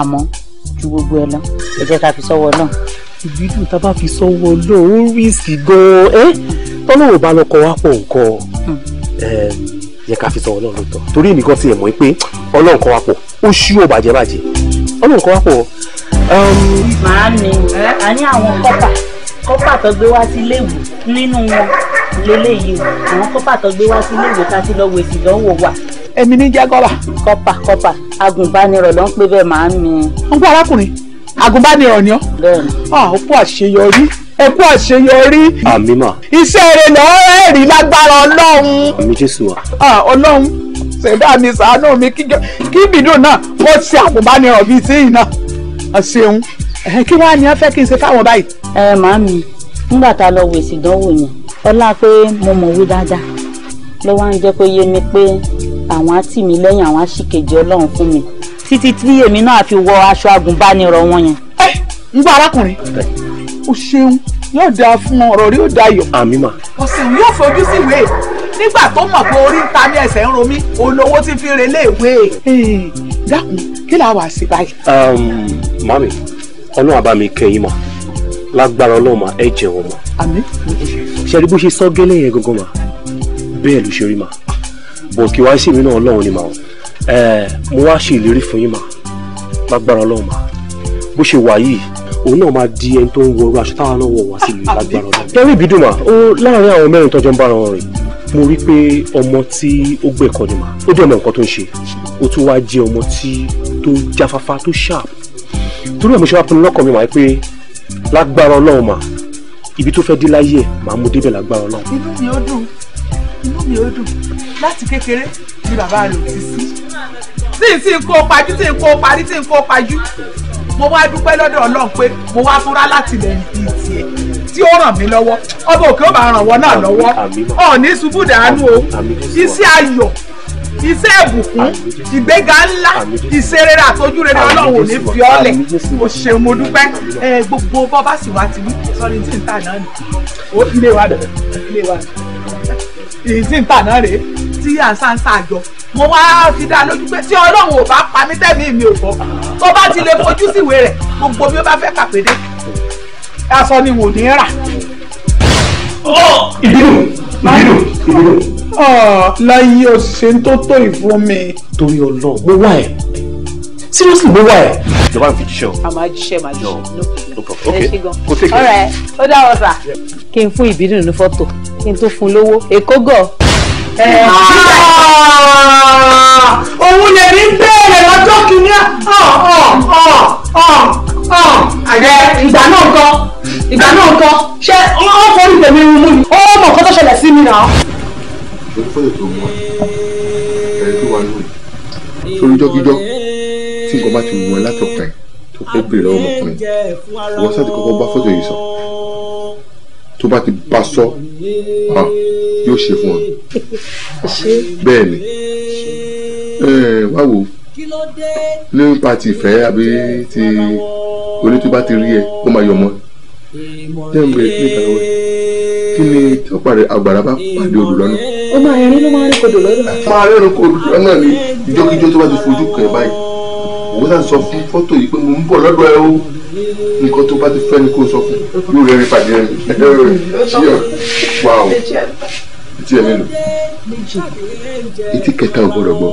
Speaker 2: àmọ́ ju gbogbo ẹ lọ ẹ jẹ́ ká fi sọ́wọ́ Ọlọ́run.
Speaker 1: ìbídùn tá a bá fi sọ́wọ́ Ọlọ́run rísì gan-an ẹ́ tọ́lọ́wọ́ bá lọ́kọ wá pọ̀ nǹkan
Speaker 2: yẹ hmm. ká fi sọ́wọ́ Ọlọ́run lóòótọ́
Speaker 1: torí èmi kan ti ẹ̀ mọ̀ pé Ọlọ́run kan wá pọ̀ ó ṣú ò bàjẹ́ bàjẹ́ Ọlọ́run kan wá pọ̀.
Speaker 2: màá ní a ní àwọn kọ́pà kọ́pà tó gbé wá sí léwu nínú wọn lélẹ́yìí àwọn kọ́pà tó gbé wá sí léwu ká sí lọ́wọ́ èsì wa èmi ní jẹ́ kọ́pà. kọ́pà kọ́pà agùnbánirọ̀ ló ń pè bẹ́ẹ̀ máa ń mi. wọ́n gbọ́ arákùnrin agùnbánirọ̀ ni ọ́. bẹ́ẹ̀ni. ó kú àṣeyọrí ẹ kú àṣeyọrí.
Speaker 3: àmì mà.
Speaker 1: iṣẹ́ rẹ̀ lọ́ọ́ rí lágbára ọlọ́run. àmì jésù wa. ọlọ́run ṣẹ̀dá mi ṣàánú mi kí bìdùn náà kó ṣe àgùnbánirọ̀ bíi tí ì náà.
Speaker 2: ṣeun kí wàá ní ẹ fẹ́ kí n ṣe fáwọn báyìí. ẹ màá mi nígbà tá a lọ wèsì ìdánwò yẹn ọlá pé mo mọ̀wé dáadáa ló wá ń jẹ́ kó yé mi pé àwọn á tì mí lẹ́yìn àwọn á sì kejì ọlọ́run fún mi títí tí èmi náà fi wọ aṣọ agùnbánirọ̀ wọn yẹn. ẹ ń gbọ́ arákùnrin o ṣeun yóò dáa fún ọ̀rọ̀ rí ó dayọ̀. àmì mà. ọ̀sìn
Speaker 1: yóò fojú sí ìwé nígbà tó mọ̀ pé orí ń ta ní ẹsẹ̀ ń ro mí olówó ti fi relé ìwé. dákun kí la wàá sí báyìí. mami ọlọ́run àbá mi kẹ́yìn mà lágbára ọlọ́run mà ẹ jẹun mà. àmì. ṣe é rí bó ṣe sọ gẹ́lẹ́ yẹn gangan mà bẹ́ẹ̀ ló ṣe rí mà bọ̀ kí wá sí mi náà ọlọ́run ni mà ó mo wá ṣe ìlérí fún yín mà lágbára ọlọ́run mà bó ṣe wà yìí òun náà máa di ẹni tó ń wọ aṣọ táwọn náà wọ̀ wá sí ìlú lágbára ọlọ́run. tẹ́lẹ̀ ìbídùn mà ó láàárín àwọn mẹ́rin tọ́jọ́ ń bára wọn rìn mo rí pé ọmọ tí ó gbé ẹ̀kọ́ ni mà ó dẹ̀ mọ nǹkan tó ń ṣe ó tún wá jẹ́ ọmọ tí tó jáfáfá tó ṣáàp torí ẹ̀ mo ṣe wá pinnu lọ́kàn mi mà pé lágbára ọlọ́run mà ibi tó fẹ́ dé láyé ẹ̀ màá mú débẹ̀ lágbára ọlọ́run. inú mi inú mi ò dùn láti kékeré ni bàbá rẹ̀ ò ti sí tí n sì ń kó pajú tí n kó parí tí n kó pajú mo wá dúpẹ́ lọ́dọ̀ Ọlọ́run pé mo wá fúnra láti lẹ́yìn bíi tiẹ̀ tí ó ràn mí lọ́wọ́ ọba òkè ó bá ràn wọ́n náà lọ́wọ́ ọ̀ọ́ni ṣubú dàánú o iṣẹ́ ayọ̀ iṣẹ́ ìbùkún ìgbéga ńlá ìṣerere àtọ́jú rere ọlọ́run ò ní fi ọ́ lẹ̀ o ṣeun mo dúpẹ́ eh, gbogbo bọ́ bá sì wá ti wí sọ́ni tí n tà náà nì ilé wa dẹ̀ ilé wa dẹ̀ ìsìntà náà rèé tí àṣà ń ṣàjọ mo wá fi dá lójú pé tí ọlọ́run ò bá pa mí tẹ́mi mi ò bọ́ tó bá ti lè fojú síwèé rẹ̀ gbogbo bí ó bá fẹ́ kàpédé aṣọ ni wò ní rà. ìbínú ìbínú ìbínú. láyé o tó tó ìfún mi. torí ọlọ́run mo wá ẹ̀ seriously mo wà ẹ. ìjọba mi fi jíṣẹ́ o. a máa
Speaker 4: jíṣẹ́ máa jíṣẹ́
Speaker 1: no problem ẹ ṣe gan all right
Speaker 4: ó dáwọ́ sà kí n fún ìbídùn ní fọ́tò kí n tó fún un lówó èkó gọ̀. Ah!
Speaker 1: òun lè ní bẹ́ẹ̀rẹ̀ lọ́jọ́ kìíní ah,
Speaker 3: ah, àjẹ ìgbà náà kan ìgbà náà kan
Speaker 1: ṣé ó forí tèmi rú mú mi ó mọ̀ kó tó ṣẹlẹ̀ sí mi náà. ṣé
Speaker 3: o fẹ́ ètò wọn ẹ̀rí tó wà
Speaker 1: lóyún sórí jọ́gíjọ́ tí nǹkan bá ti wù ẹ́ látọkàn ẹ̀ tó fẹ́ bèrè lọ́wọ́ ọmọkùnrin wọ́n sáà ti kọ́kọ́ bá fọ́tò yìí sọ tó bá ti bá sọ yóò ṣe fún ọ bẹ́ẹ̀ ni wá wò nípa ti ìfẹ́ àbí ti onítúbá ti rí ẹ ó máa yọ̀ mọ́ jẹ́ ń bèrè nípa ìwé kí ni tọ́pà rẹ̀ àgbàrá bá pàdé odò lọ́nà.
Speaker 3: ó máa rẹ́rìn ló máa rí kodò lọ́nà. máa rẹ́rìn kodò lọ́nà
Speaker 1: ni ìjọ́kíjọ́ tó bá ti fojú kàn báyìí òun náà sọ fún fọ́tò yìí pé mo ń bọ̀ lọ́dọ̀ ẹ o nǹkan tó bá ti fẹ́ ni kó sọ fún yóò rẹ́rìn pàdé rẹ̀ ṣíyọ̀ wáò
Speaker 3: etí ẹ̀ mélòó etí kẹta ò gbọ́dọ̀ gbọ́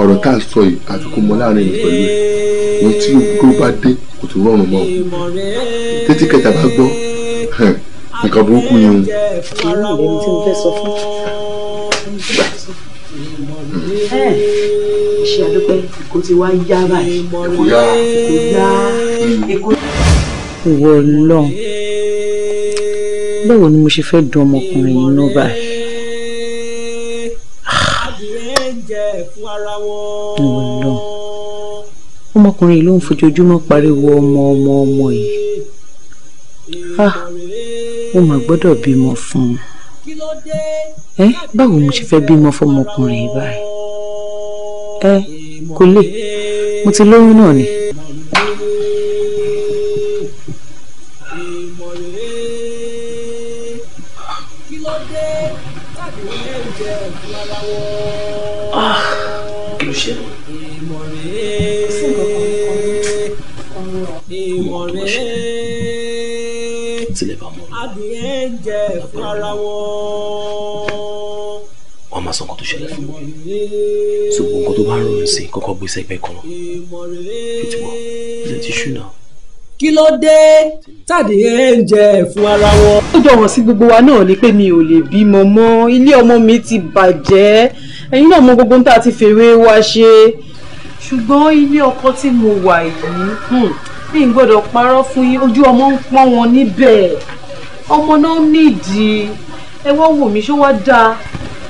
Speaker 5: ọ̀rọ̀ tá a sọ yìí àfikún mọ́ láàrin ìlú pẹ̀lú ẹ̀ wọ́n tí ó
Speaker 1: bá dé kò tún rọrùn mọ́ tètè kẹta bá gbọ́ nǹkan
Speaker 3: burúkú ni o.
Speaker 2: ọ̀rọ̀ mi tí mo fẹ́ sọ fún ṣe àdúpẹ́ kò ti wá yá báyìí kò yá kò yá èkó. ìwọ Ọlọ́run
Speaker 4: báwo ni mo ṣe fẹ́ dun ọmọkùnrin yìí náà báyìí. ìwọ Ọlọ́run ọmọkùnrin yìí ló ń fojoojúmọ́ pariwo ọmọ ọmọ ọmọ yìí ah, ó mà gbọ́dọ̀ bímọ fún un ẹ eh, báwo mo ṣe fẹ́ bímọ fún ọmọkùnrin yìí báyìí
Speaker 2: ẹ kò lè mo ti lóyún náà ni.
Speaker 3: Ah, kí adìyẹ ń jẹ fún ara wọn máa sọ nǹkan tó ṣẹlẹ̀ fún mi
Speaker 1: ṣùgbọ́n nǹkan tó bá rò ń sìn kọ́kọ́ gbé sẹ́gbẹ́ kan ètò wọ ilẹ̀ ti ṣú náà. kí ló dé tàdé ẹ ń jẹ fún ara wọn. ó jọ̀wọ́ sí gbogbo wa náà ni pé mi ò lè bímọ mọ́ ilé ọmọ mi ti bàjẹ́ ẹ̀yin náà mọ
Speaker 4: gbogbo tá ti fèrè wa ṣe ṣùgbọ́n ilé ọkọ tí mo wà yìí hmm, mi ń gbọ́dọ̀ parọ́ fún yín ojú ọmọ ń pọ́n wọn níbẹ̀ ọmọ náà nídìí ẹ wọ́n wò mí ṣó wá dáa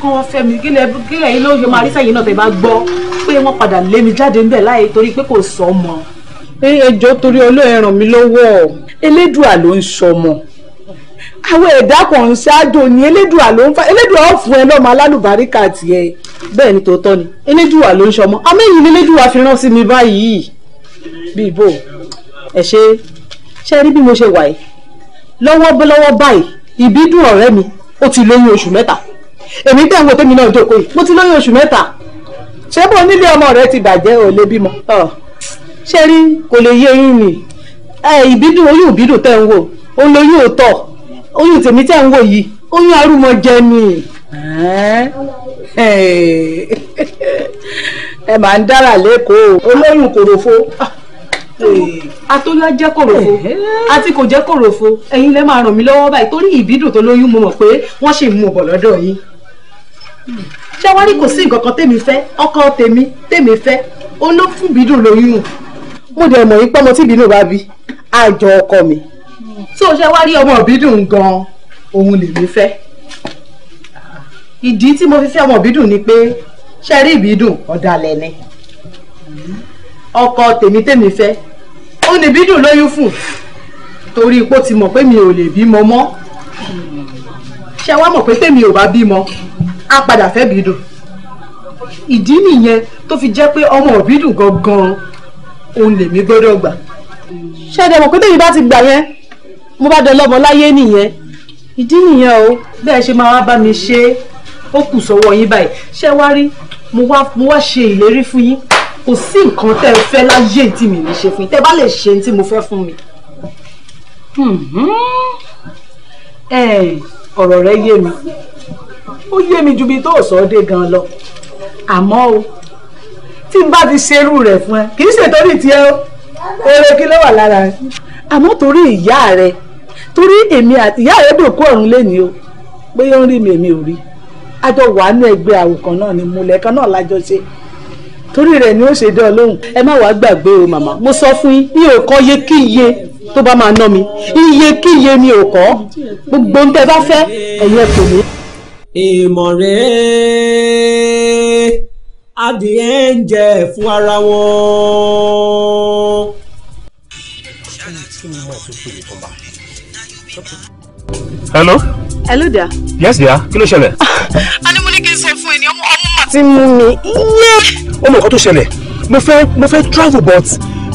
Speaker 4: kán wá fẹ́ mi kílẹ̀ kílẹ̀ yìí ló yọ máa
Speaker 1: rí sẹ́yìn náà tẹ̀ bá gbọ́ pé wọ́n padà lé mi jáde ńbẹ̀ láì torí pé kò sọ ọmọ. ẹjọ́ torí olóyè ràn mí lọ́wọ́ elédùà ló ń sọmọ àwọn ẹ̀dá kan ń ṣáájú ni elédùà ló ń fa elédùà ó fún ẹ lọ́mọ alálùbáríkà tiẹ̀ bẹ́ẹ̀ ni tòótọ́ ni elédùà ló ń sọmọ amẹ́yìn ni elédùà fi rán sí mi báyìí bíi bò ẹ ṣe ṣe rí bí mo ṣe wà yìí lọ́wọ́ lọ́wọ́ báyìí ìbídùn ọ̀rẹ́ mi ó ti lóyún oṣù mẹ́ta èmi tẹ̀ ń wo tèmi náà jókòó yìí mo ti lóyún oṣù mẹ́ta ṣé bó nílé ọmọ rẹ ti bàjẹ́ ò lè bímọ ṣé rí kò lè yé yín ni ìbídùn oyún ìbídùn tẹ̀ ń wò òun lóyún òótọ́ oyún tèmi tẹ̀ ń wò yìí oyún arúmọ jẹ ni ẹ máa ń dára lẹ́kọ̀ọ́ olóyún kòròfo atóyá ah, eh. jẹ́ kòròfo àti kò jẹ́ kòròfo ẹ̀yin lẹ́ máa ràn mí lọ́wọ́ báyìí torí ìbídùn tó lóyún mo mọ̀ pé wọ́n ṣì ń mú bọ̀ lọ́dọ̀ yín ṣé wọ́n rí kò sí nǹkan kan tèmi fẹ́ ọkọ tèmi tèmi fẹ́ ó ló fún bídùn lóyún mo dẹ̀ mọ̀ yín pé ọmọ tí bídùn bá bí àjọ ọkọ mi tó ṣe wá rí ọmọ bídùn gan òun lèmi fẹ́ ìdí tí mo fi fẹ́ ọmọ bídùn ni pé ṣe rí ìbídùn ọ̀dàlẹ̀ ni ọkọ tèmi tèmi fẹ́ ó ní bídùn lóyún fún torí ipò ti mọ̀ pé mi ò lè bímọ mọ́ ṣe wá mọ̀ pé tèmi ò bá bímọ á padà fẹ́ bídùn ìdí nìyẹn tó fi jẹ́ pé ọmọ òbídùn gangan òun lèmi gbọ́dọ̀ gbà. ṣẹ́dẹ̀ mọ̀ pé tèmi bá ti gbà yẹn mo bá dọlọ́mọ láyé nìyẹn
Speaker 4: ìdí nìyẹn o bẹ́ẹ̀ ṣe máa wá bá mi ṣe é ó kù sọ́wọ́ yín báyìí ṣé wá rí
Speaker 1: mo wá ṣe ìlérí fún yín kò sí nǹkan tẹ́ ẹ fẹ́ láyé tí mi ní ṣe fún yín tẹ́ bá lè ṣe tí mo fẹ́ fún mi. ọ̀rọ̀ rẹ yé mi ó yé mi ju bí tó sọ ọ́ dé gan lọ àmọ́ o tí n bá ti ṣerú rẹ̀ fún ẹ kì í ṣe torí tiẹ̀
Speaker 3: o eré kí ló wà lára
Speaker 1: rẹ àmọ́ torí ìyá rẹ torí èmi àti ìyá rẹ dòkú ọ̀run lẹ́ni o pé ó rí mi èmi ò rí àjọ wà nú ẹgbẹ́ àwòkàn náà ni múlẹ̀ kan náà lájọ ṣe torí rẹ̀ ni ó ṣe dán lóhùn ẹ má wàá gbàgbé o màmá mo sọ fún yín mi ò kọ́ yé kí iye tó bá máa ná mi iye kí iye mi ò kọ́ gbogbo ń tẹ́
Speaker 3: bá fẹ́ ẹ̀yin ẹ̀ pè ìmọ̀ rèé adìẹ ń jẹ fún ara wọn.
Speaker 1: hello. hello dear. yes dear kí ló ṣẹlẹ̀. a ní mo ní kí n sọ fún ẹ ní ọmọ ọmọ mà ti mú mi. ó mọ nǹkan tó ṣẹlẹ̀ mo fẹ́ mo fẹ́ travel but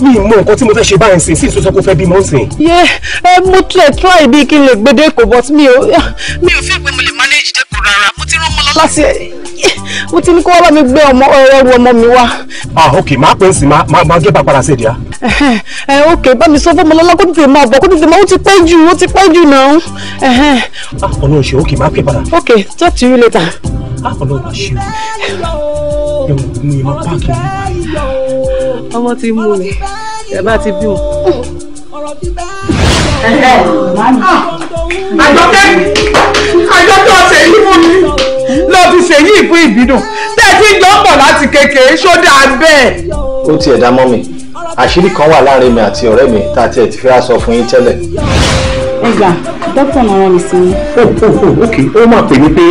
Speaker 1: mi mọ nǹkan tí mo fẹ́ ṣe báyìí sìn sí ìsọsọ kó fẹ́ bímọ sìn. yẹ ẹ mo tẹ try bí kí n lè gbèdéko but mi ò mi ò fẹ́ pé mo lè rárá mo ti rán ọmọ lọ láti mo ti ní kó wá bá mi gbé ọmọ ẹrù ọmọ mi wá. ah ok máa pè é sí máa máa gé bàbá ṣe dìá. ẹ ok bá mi sọ fún ọmọ kó tètè máa bọ̀ kó tètè máa ó ti pẹ́ jù ó ti pẹ́ jù náà. ah ọlọ́run ok máa pè padà. ok talk to you later. ah ọlọ́run máa ṣe o ẹ̀wọ̀n mi máa pààkì mi. ọmọ ti mú mi ẹ bá ti bímọ. ẹ̀ẹ́ màmá ah, àjọkẹ́ àjọ tó ṣe yí fún mi lọ fi ṣe yí ìfún ìbídùn tẹ́tí jọ́pọ̀ láti kékeré ṣódà bẹ́ẹ̀.
Speaker 5: ó tiẹ̀ dá mọ́ mi àṣírí kan wà láàrin mi àti ọ̀rẹ́ mi tá a tiẹ̀ ti fẹ́ sọ fún yín tẹ́lẹ̀.
Speaker 1: ẹ gbà dókítà náà rán mi sí i. ó ó ó ok ó máa pè mí pé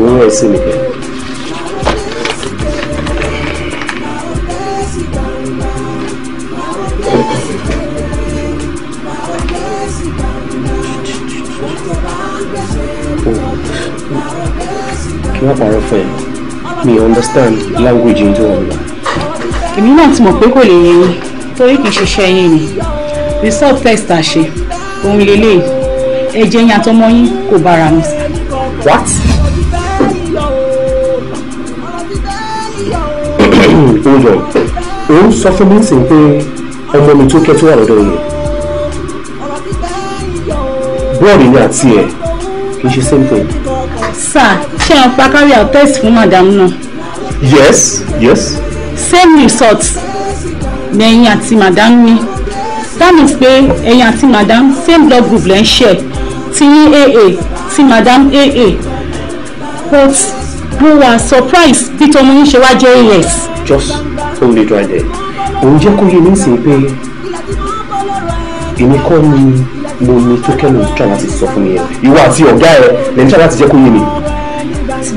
Speaker 1: òun ẹ̀sìn nìkan.
Speaker 5: látàárọ̀ fẹ́ mi ò understand
Speaker 1: language yìí tó wà nílò.
Speaker 2: èmi náà ti mọ̀ pé kò lè yẹn yín torí kì í ṣiṣẹ́ yín ni result test àṣe òun lélẹ̀ ẹ̀jẹ̀ yín àtọmọ yín kò bára mu. what?
Speaker 1: hold on òun sọ fún mi sí pé ọmọ mi tó kẹ́ tó wà lọ́dọ̀ yìí bọ́ọ̀lù ni àti ẹ̀ kì í ṣe same thing.
Speaker 2: sir ṣé àwọn pa carry out test fún madam náà. yes yes. same result ni ẹ̀yin àti madam ní that means pé ẹ̀yin àti madam same blood group lẹ́ ń share ti yín aa ti madam aa but mo wà surprise bí tọmọ yín ṣe wá jẹ́ as.
Speaker 5: just hold it right there
Speaker 1: òun jẹ́ kó yé mi sí pé èmi kọ́ ni mo ní tó kẹ́nu tí wọ́n ti sọ fún mi yẹn ìwọ àti ọ̀gá ẹ̀ lẹ́ni tí wọ́n ti jẹ́ kó yé mi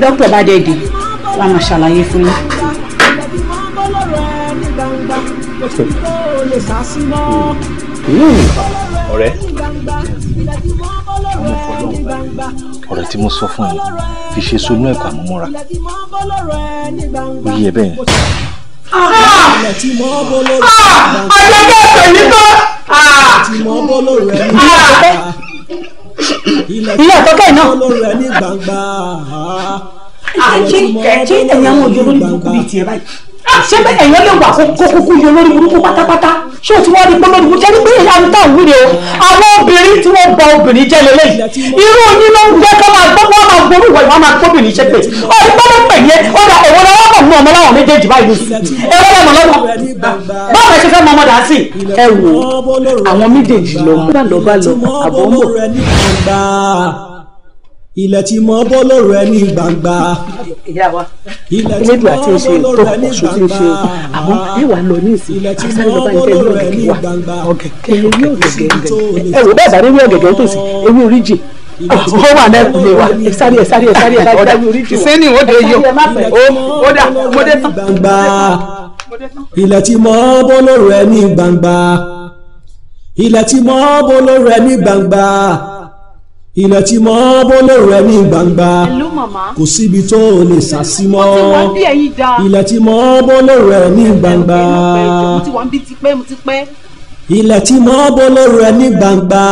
Speaker 2: dókítà bá dẹ̀ dé wọ́n á máa ṣàlàyé fún
Speaker 3: yín. ọ̀rẹ́ ọ̀rẹ́ tí mo sọ fún ẹ fi ṣe sunú ẹ̀kọ́ àmúmọ́ra ó yí ẹ bẹ́ẹ̀ yẹn. ọ̀rẹ́ bẹ́ẹ̀ pẹ̀lú kọ́ ilé ọ̀tọ́kẹ́ náà ṣé ṣé ẹ̀yin àwọn òjò lórí burúkú
Speaker 1: bíi tiẹ̀ báyìí ah, ṣé bẹ́ẹ̀ lè wà kó yọ lórí burúkú pátápátá ṣé o ti wá rí pé lórí burúkú ṣẹ́ni pé ìyá mi tà wúre o àwọn obìnrin tí wọ́n ba obìnrin jẹ́ lélẹ́yìí irú yín ló ń jẹ́ kó máa gbọ́ wọ́n máa gbórú ìwà ìwọ́n máa gbóbìnrin ṣe pé ọ̀rí pé ló pẹ̀lú ọ̀dà èwo ni wọ́n mọ̀ mú ọmọ láwọn méjèèjì báyìí
Speaker 3: èwo lè mọ̀
Speaker 2: lọ́wọ́
Speaker 3: báwo ṣe fẹ́ mọ ọmọ dàásì ẹ wò àwọn méjèèjì lọ bá lọ bá lọ àbọ̀ ń bọ̀ ilẹ̀ tí mọ bọ́ lọ́rọ̀ ẹ ní gbangba.
Speaker 4: ilẹ̀ tí mọ bọ́ lọ́rọ̀ ẹ ní gbangba. àmọ́
Speaker 3: ẹ wà lọ ní ìsìn àṣàlẹ̀ lọ́ba ìjẹ́ ìlú ọ̀gẹ̀gẹ̀ wa ọ̀gẹ̀gẹ̀ ewé ọ̀gẹ̀gẹ̀ ẹ̀ wò bẹ́ẹ̀ bá rí ewé ọ̀gẹ̀gẹ̀ tó sì ewé oríjì ó wà
Speaker 1: lẹ́kùn lè wa ẹ sáré ẹ sáré ẹ sáré ẹ ọ̀dà ìsẹ́ni ó de yọ ó dà mo dé
Speaker 3: tán. ilẹ̀ tí mọ bọ́ lọ́rọ̀ ẹ ní gbangba. ilẹ̀ tí mọ bọ́ lọ́rọ̀ ẹ ní gbangba ilẹ̀ tí mọ́ bólú rẹ ní gbangba kò síbi tó o lè sá mọ́ ilẹ̀ tí mọ́ bólú rẹ ní gbangba ilẹ̀ tí mọ́ bólú rẹ ní gbangba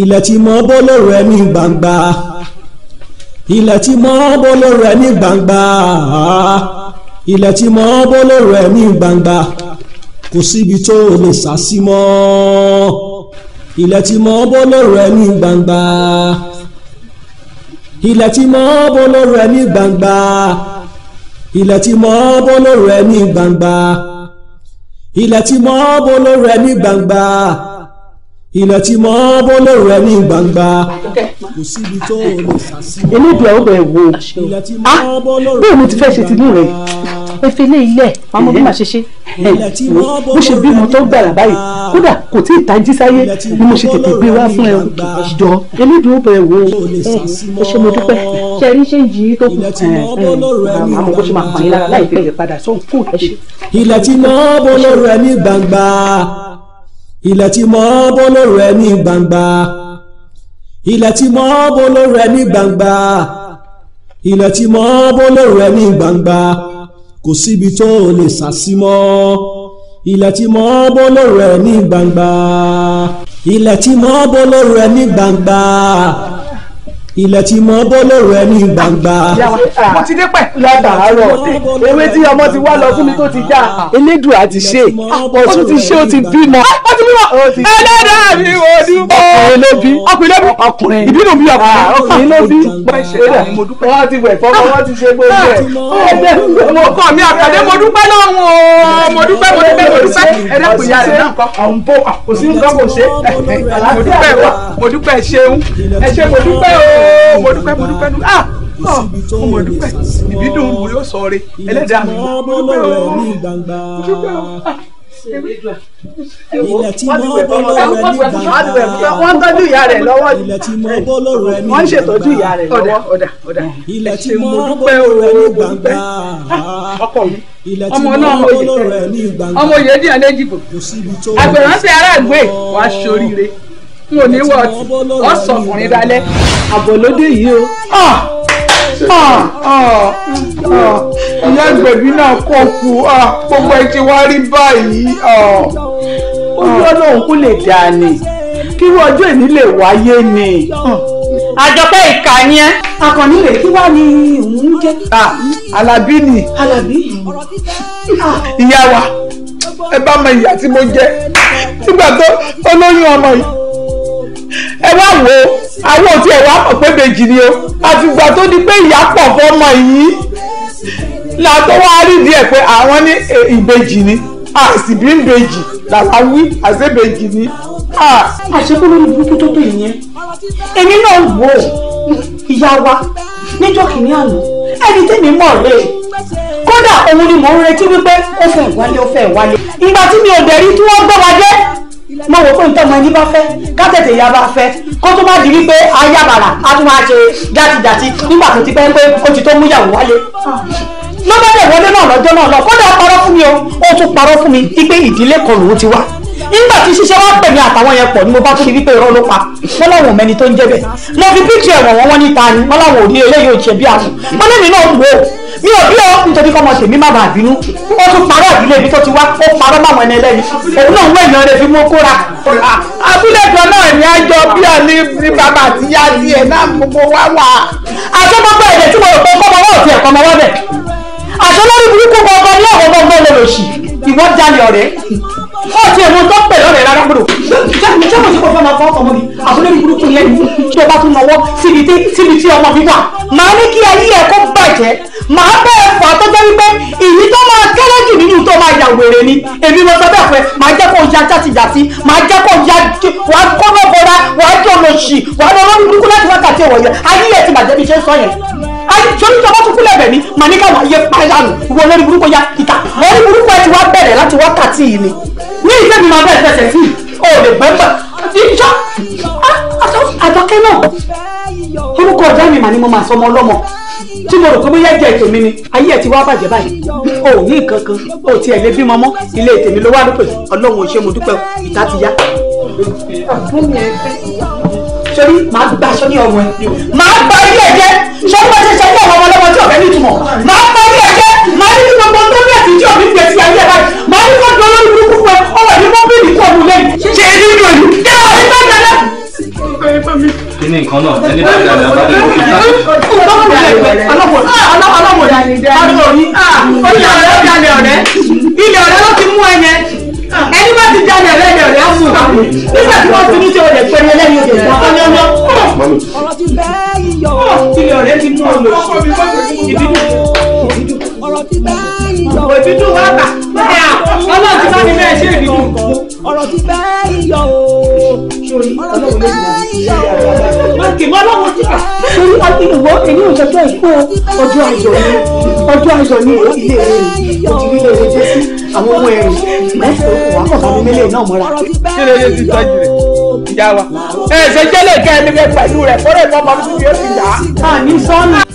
Speaker 3: ilẹ̀ tí mọ́ bólú rẹ ní gbangba ilẹ̀ tí mọ́ bólú rẹ ní gbangba ilẹ̀ tí mọ́ bólú rẹ ní gbangba kò síbi tó o lè sá mọ́ ilẹ̀ tí mọ́ bọ́ lọ́rọ̀ ẹ ní gbangba ilẹ̀ tí mọ́ bọ́ lọ́rọ̀ ẹ ní gbangba ilẹ̀ tí mọ́ bọ́ lọ́rọ̀ ẹ ní gbangba ilẹ̀ tí mọ́ bọ́ lọ́rọ̀ ẹ ní gbangba ilẹ̀ tí mo bọ́ lẹ́rù rẹ ní gbangba kò síbi tó o lè sá sí. elébi àwọn ọbẹ̀ wo ah bẹ́ẹ̀ mo ti fẹ́ ṣe tìlú
Speaker 1: rẹ̀ ẹ fi lé ilẹ̀ àmọ́ bí màá ṣe ṣe bó ṣe bí mo tó gbàrà báyìí kódà kò tí ì tají sáyé ni mo ṣe tètè gbé wá fún ẹ jọ elébi àwọn ọbẹ̀ wo ẹ ṣe mo dúpẹ́ ṣe rí ṣe yìí tó kù àmọ́ bó ṣe máa pààyàn lára láì fi lè padà sóhun fún ẹ ṣe.
Speaker 3: ilẹ̀ tí mo bọ́ lọ́rọ̀ ẹ ní gbangba ilẹ̀ tí mọ́ bó lóru ẹ ní gbangba ilẹ̀ tí mọ́ bó lóru ẹ ní gbangba ilẹ̀ tí mọ́ bó lóru ẹ ní gbangba kò síbi tó o lè sá mọ́ ilẹ̀ tí mọ́ bó ẹ ní gbangba ilẹ̀ tí mọ́ bó ẹ ní gbangba ilẹ̀ tí mọ bọ́ lọ́rọ̀ ẹ ní gbangba. mo ti dé pẹ́ látàárọ̀ ewé tí ọmọ ti wá lọ fún mi tó ti já elédùà ti ṣe ọ̀tún ti ṣe ó ti bímọ.
Speaker 1: ó ti bímọ ẹlẹ́dàá mi ò dúpọ̀. ọkùnrin ló bí ọkùnrin ló bí ọkùnrin ìbínú mi ọkùnrin ah, ọkùnrin ló bí. wọ́n ti wẹ̀ fọ́mọ wọ́n ti ṣe gbogbo ẹ̀. Ah, mo kàn mí àpàdé mo dúpẹ́ lọ́wọ́ mo dúpẹ́ mo dúpẹ́ mo dúpẹ́ ẹ̀rẹ́ kò yá rẹ̀ náà kọ́ àwọn bò kò sí nǹkan kò ṣe mo dúpẹ́ ṣeun ẹ ṣe mo dúpẹ́ o. Oh, mo dúpẹ́ mo dúpẹ́ dúpẹ́ ah oh, mo mọ̀ dúpẹ́ ìbí dùn mo yóò sọ re
Speaker 3: ẹlẹ́dàá mi mo dúpẹ́ o mo dúpẹ́
Speaker 1: o
Speaker 4: ilẹ̀
Speaker 3: tí mo bọ́ lọ́rọ̀ ẹ̀ ní gbàgbà wọ́n tọ́jú ìyá rẹ̀ lọ́wọ́ ilẹ̀ tí mo bọ́ lọ́rọ̀ ẹ̀ ní gbàgbà wọ́n ṣètọ́jú ìyá rẹ̀ lọ́wọ́ ilẹ̀ tí mo dúpẹ́ lọ́rọ̀ ẹ̀ ní gbàgbà ọkọ mi ọmọ náà mo yẹ ọmọ yẹ díẹ̀
Speaker 1: lẹ́jìbò àgbẹ̀ránṣẹ́ aráàgbé wàá ṣoríire n ò ní wọ ọtí ọsàn ọkùnrin dalẹ̀ àbọ̀ lóde yìí o. Ah! Ah! Ah! ìyá ìgbẹ̀bí náà kọ̀ kú gbogbo ẹ ti wá rí báyìí. ojú ọlọ́run kò lè dà ní kí wọ́n ọjọ́ èmi lè wáyé ni. Hmm. àjọpẹ́ ìkà ni ẹ́. akànnì rẹ̀ kí wàá ní òun jẹ́. alábí ni. alábí. ìyá wa ẹ bá mọ ìyá tí mo jẹ nígbà tó olóyún ọmọ yìí ẹ wá wo àwọn òtí ẹ wá pọ̀ pé méjì ni o àfìgbà tó di pé ìyá pọ̀ fọ́mọ yìí
Speaker 3: la tó wá rí díẹ̀ pé àwọn
Speaker 1: ní ìbejì ni àsìbí ń bejì làwa wí àṣebejì ni. àṣekú lórí burúkú tó tó ìyẹn èmi náà wò ó ìyá wa níjọ́ kìíní àná ẹni tẹ́mi mọ̀ rẹ̀
Speaker 2: kódà òun ni mò ń retí wípé ó fẹ́ ìwálé ó fẹ́ ìwálé ìgbà tí mi ò dẹ̀ rí tí wọ́n gbọ́ wa jẹ́ mo wò fún ìtọ́mọ ẹni bá fẹ́ ká tètè ya bá fẹ́ kó tó má di wípé ayábàrà
Speaker 1: á tún máa ṣe dátidàti nígbà tó ti pẹ́ pé ó ti tó múyàwó wálé ló bá dẹ̀ wọlé náà lọ́jọ́ náà lọ kódà parọ́ fún mi o ó tún parọ́ fún mi wípé ìdílé kan lòún ti wá nígbà tí ṣiṣẹ́ wá pè mí àtàwọn yẹn pọ̀ ni mo bá tún rí wípé irọ́ ló pa wọ́n láwọn ò mẹ́ni tó ń jẹ́ bẹ̀ lọ fi píkì ẹ̀wọ̀n wọn níta ni wọ́n láwọn ò ní eléyìí ò tiẹ̀ bí àwọn mọ́lẹ́mi náà wò ó mi ò bí ọ nítorí kọ́ ọmọ tèmi má bàa bínú ó tún parọ́ ìdílé ibi tó ti wá ó parọ́ máwọn ẹni ẹlẹ́ni òun náà ń wẹ̀ yan fi mú kóra.
Speaker 3: abúlé kan náà ní àjọ bí ọ
Speaker 1: ní bàbá àti ìyá àti ẹ̀ náà gbogbo wá wà. àṣọ gbogbo èdè tí mo rò pé kọ́mọ wọ́n ò tiẹ̀ kọ́mọ wọ́n bẹ̀. àṣọ lórí burúkú gbọ̀ngàn ní ọ̀gbọ̀n gbọ̀ngàn lè lò sí ìwọ jalè ọ̀rẹ́ ó ti ẹ̀mú tó pẹ̀lú ọ̀rẹ́ rárá gbọ́dọ̀ jẹ́mi jẹ́mi tí kò fẹ́ ọmọ mi àbúlé mi burúkú lẹ́nu tí o bá tún náwó síbi tí ọmọ mi wà màá ní kí ayé ẹ̀ kó bàjẹ́ màá bẹ́ẹ̀ fà tó jẹ́ wípé ìyí tó máa kéré jù nínú tó máa yà wèrè ni èmi mo sọ bẹ́ẹ̀ fẹ́ màá jẹ́ kó ya játijàti màá jẹ́ kó ya wà á kó lọ́bọ̀ra wà á jọ lọ sí wà á lọ lórí burúkú láti wákàtí ìwọ̀nyẹ ayé yẹn ti bàjẹ́ bí ṣe ń sọ yẹn sori tí a bá tún kúlẹ̀ bẹ̀ mí màá ní káwọn ayé parí dànù wọ lórí burúkú ya kíkà lórí burúkú ẹ ti wá bẹ̀rẹ̀ láti wákàtí yìí ni ní ìfẹ́ mi máa bẹ̀rẹ̀ fẹsẹ̀ sí o lè bẹ́ẹ̀ bẹ̀ ìjọ ah, àtọ́kẹ́ náà orúkọ ọ̀dá mi mà ni mo máa sọ ọmọ ọlọ́mọ tí mo rò pé bóyá jẹ́ ètò mi ni ayé ẹ̀ ti wá bàjẹ́ báyìí o ò ní nǹkan kan o ò tiẹ̀ lè bímọ mọ́ ilé tèmi ló wá lópè ọlọ́run ò ṣe mo dúpẹ́ ìta ti yá. sori màá gba aṣọ ní ọmọ ẹ màá gba ilé ẹ̀jẹ̀ sori bá ṣe ṣe fún ọmọ ọlọ́mọ tí ọ̀rẹ́ ní ìtumọ̀ màá gba ilé ẹ̀jẹ̀ màá ní kí gbogbo ọdún bí àtijọ́ mi gbèsè ayé ẹ̀ báyìí màá ní kó
Speaker 3: kíní nǹkan náà ẹni bá dàgbà bá dàgbà òkè tá.
Speaker 1: ọlọ́wọ́ ọlọ́wọ́ ọlọ́wọ́ ọlọ́wọ́ yìí ọ̀rẹ́
Speaker 2: ọ̀rẹ́ ọ̀rẹ́ ilé ọ̀rẹ́ ló
Speaker 1: ti mú ẹ yẹn ẹni bá ti jalè ọ̀rẹ́
Speaker 2: ẹ̀rẹ́ ọ̀rẹ́ á fún un káàkiri nígbà tí wọ́n ti ní ṣe olè pé ẹni ẹlẹ́ni oṣù ìgbà ọ̀yọ́yọ́. ọ̀rọ̀ ti
Speaker 3: bẹ́ẹ̀ yíyọ. ilé ọ̀rẹ́ ti mú olè ìbínú
Speaker 1: ọ̀rọ̀ ti bẹ́ iyọ̀. òbí dùn wá bà.
Speaker 3: ọlọ́run ti bá mi bẹ́ẹ̀ ṣe ìbínú. ọ̀rọ̀
Speaker 1: ti bẹ́ iyọ̀ o sórí ọlọ́run lè yẹ má kì torí
Speaker 3: ọdún ìwọ èmi ò
Speaker 1: jọjọ ìkó ọjọ́ àjọ ni ọjọ́ àjọ ni ìwọ ilé rẹ òtí ilé rẹ jẹ́ sí àwọn ohun ẹ̀rù mẹ́sàn-án kò mi mélòó náà mọ́ra. kí ló ti tọ́jú rẹ̀ ìyá wa ẹ̀ ṣe jẹ́lẹ̀ kẹ́ ẹni fẹ́ pẹ̀lú rẹ̀ kọ́rẹ́ ìfọ̀mọ́ yóò fi yá. àní sọ́nà.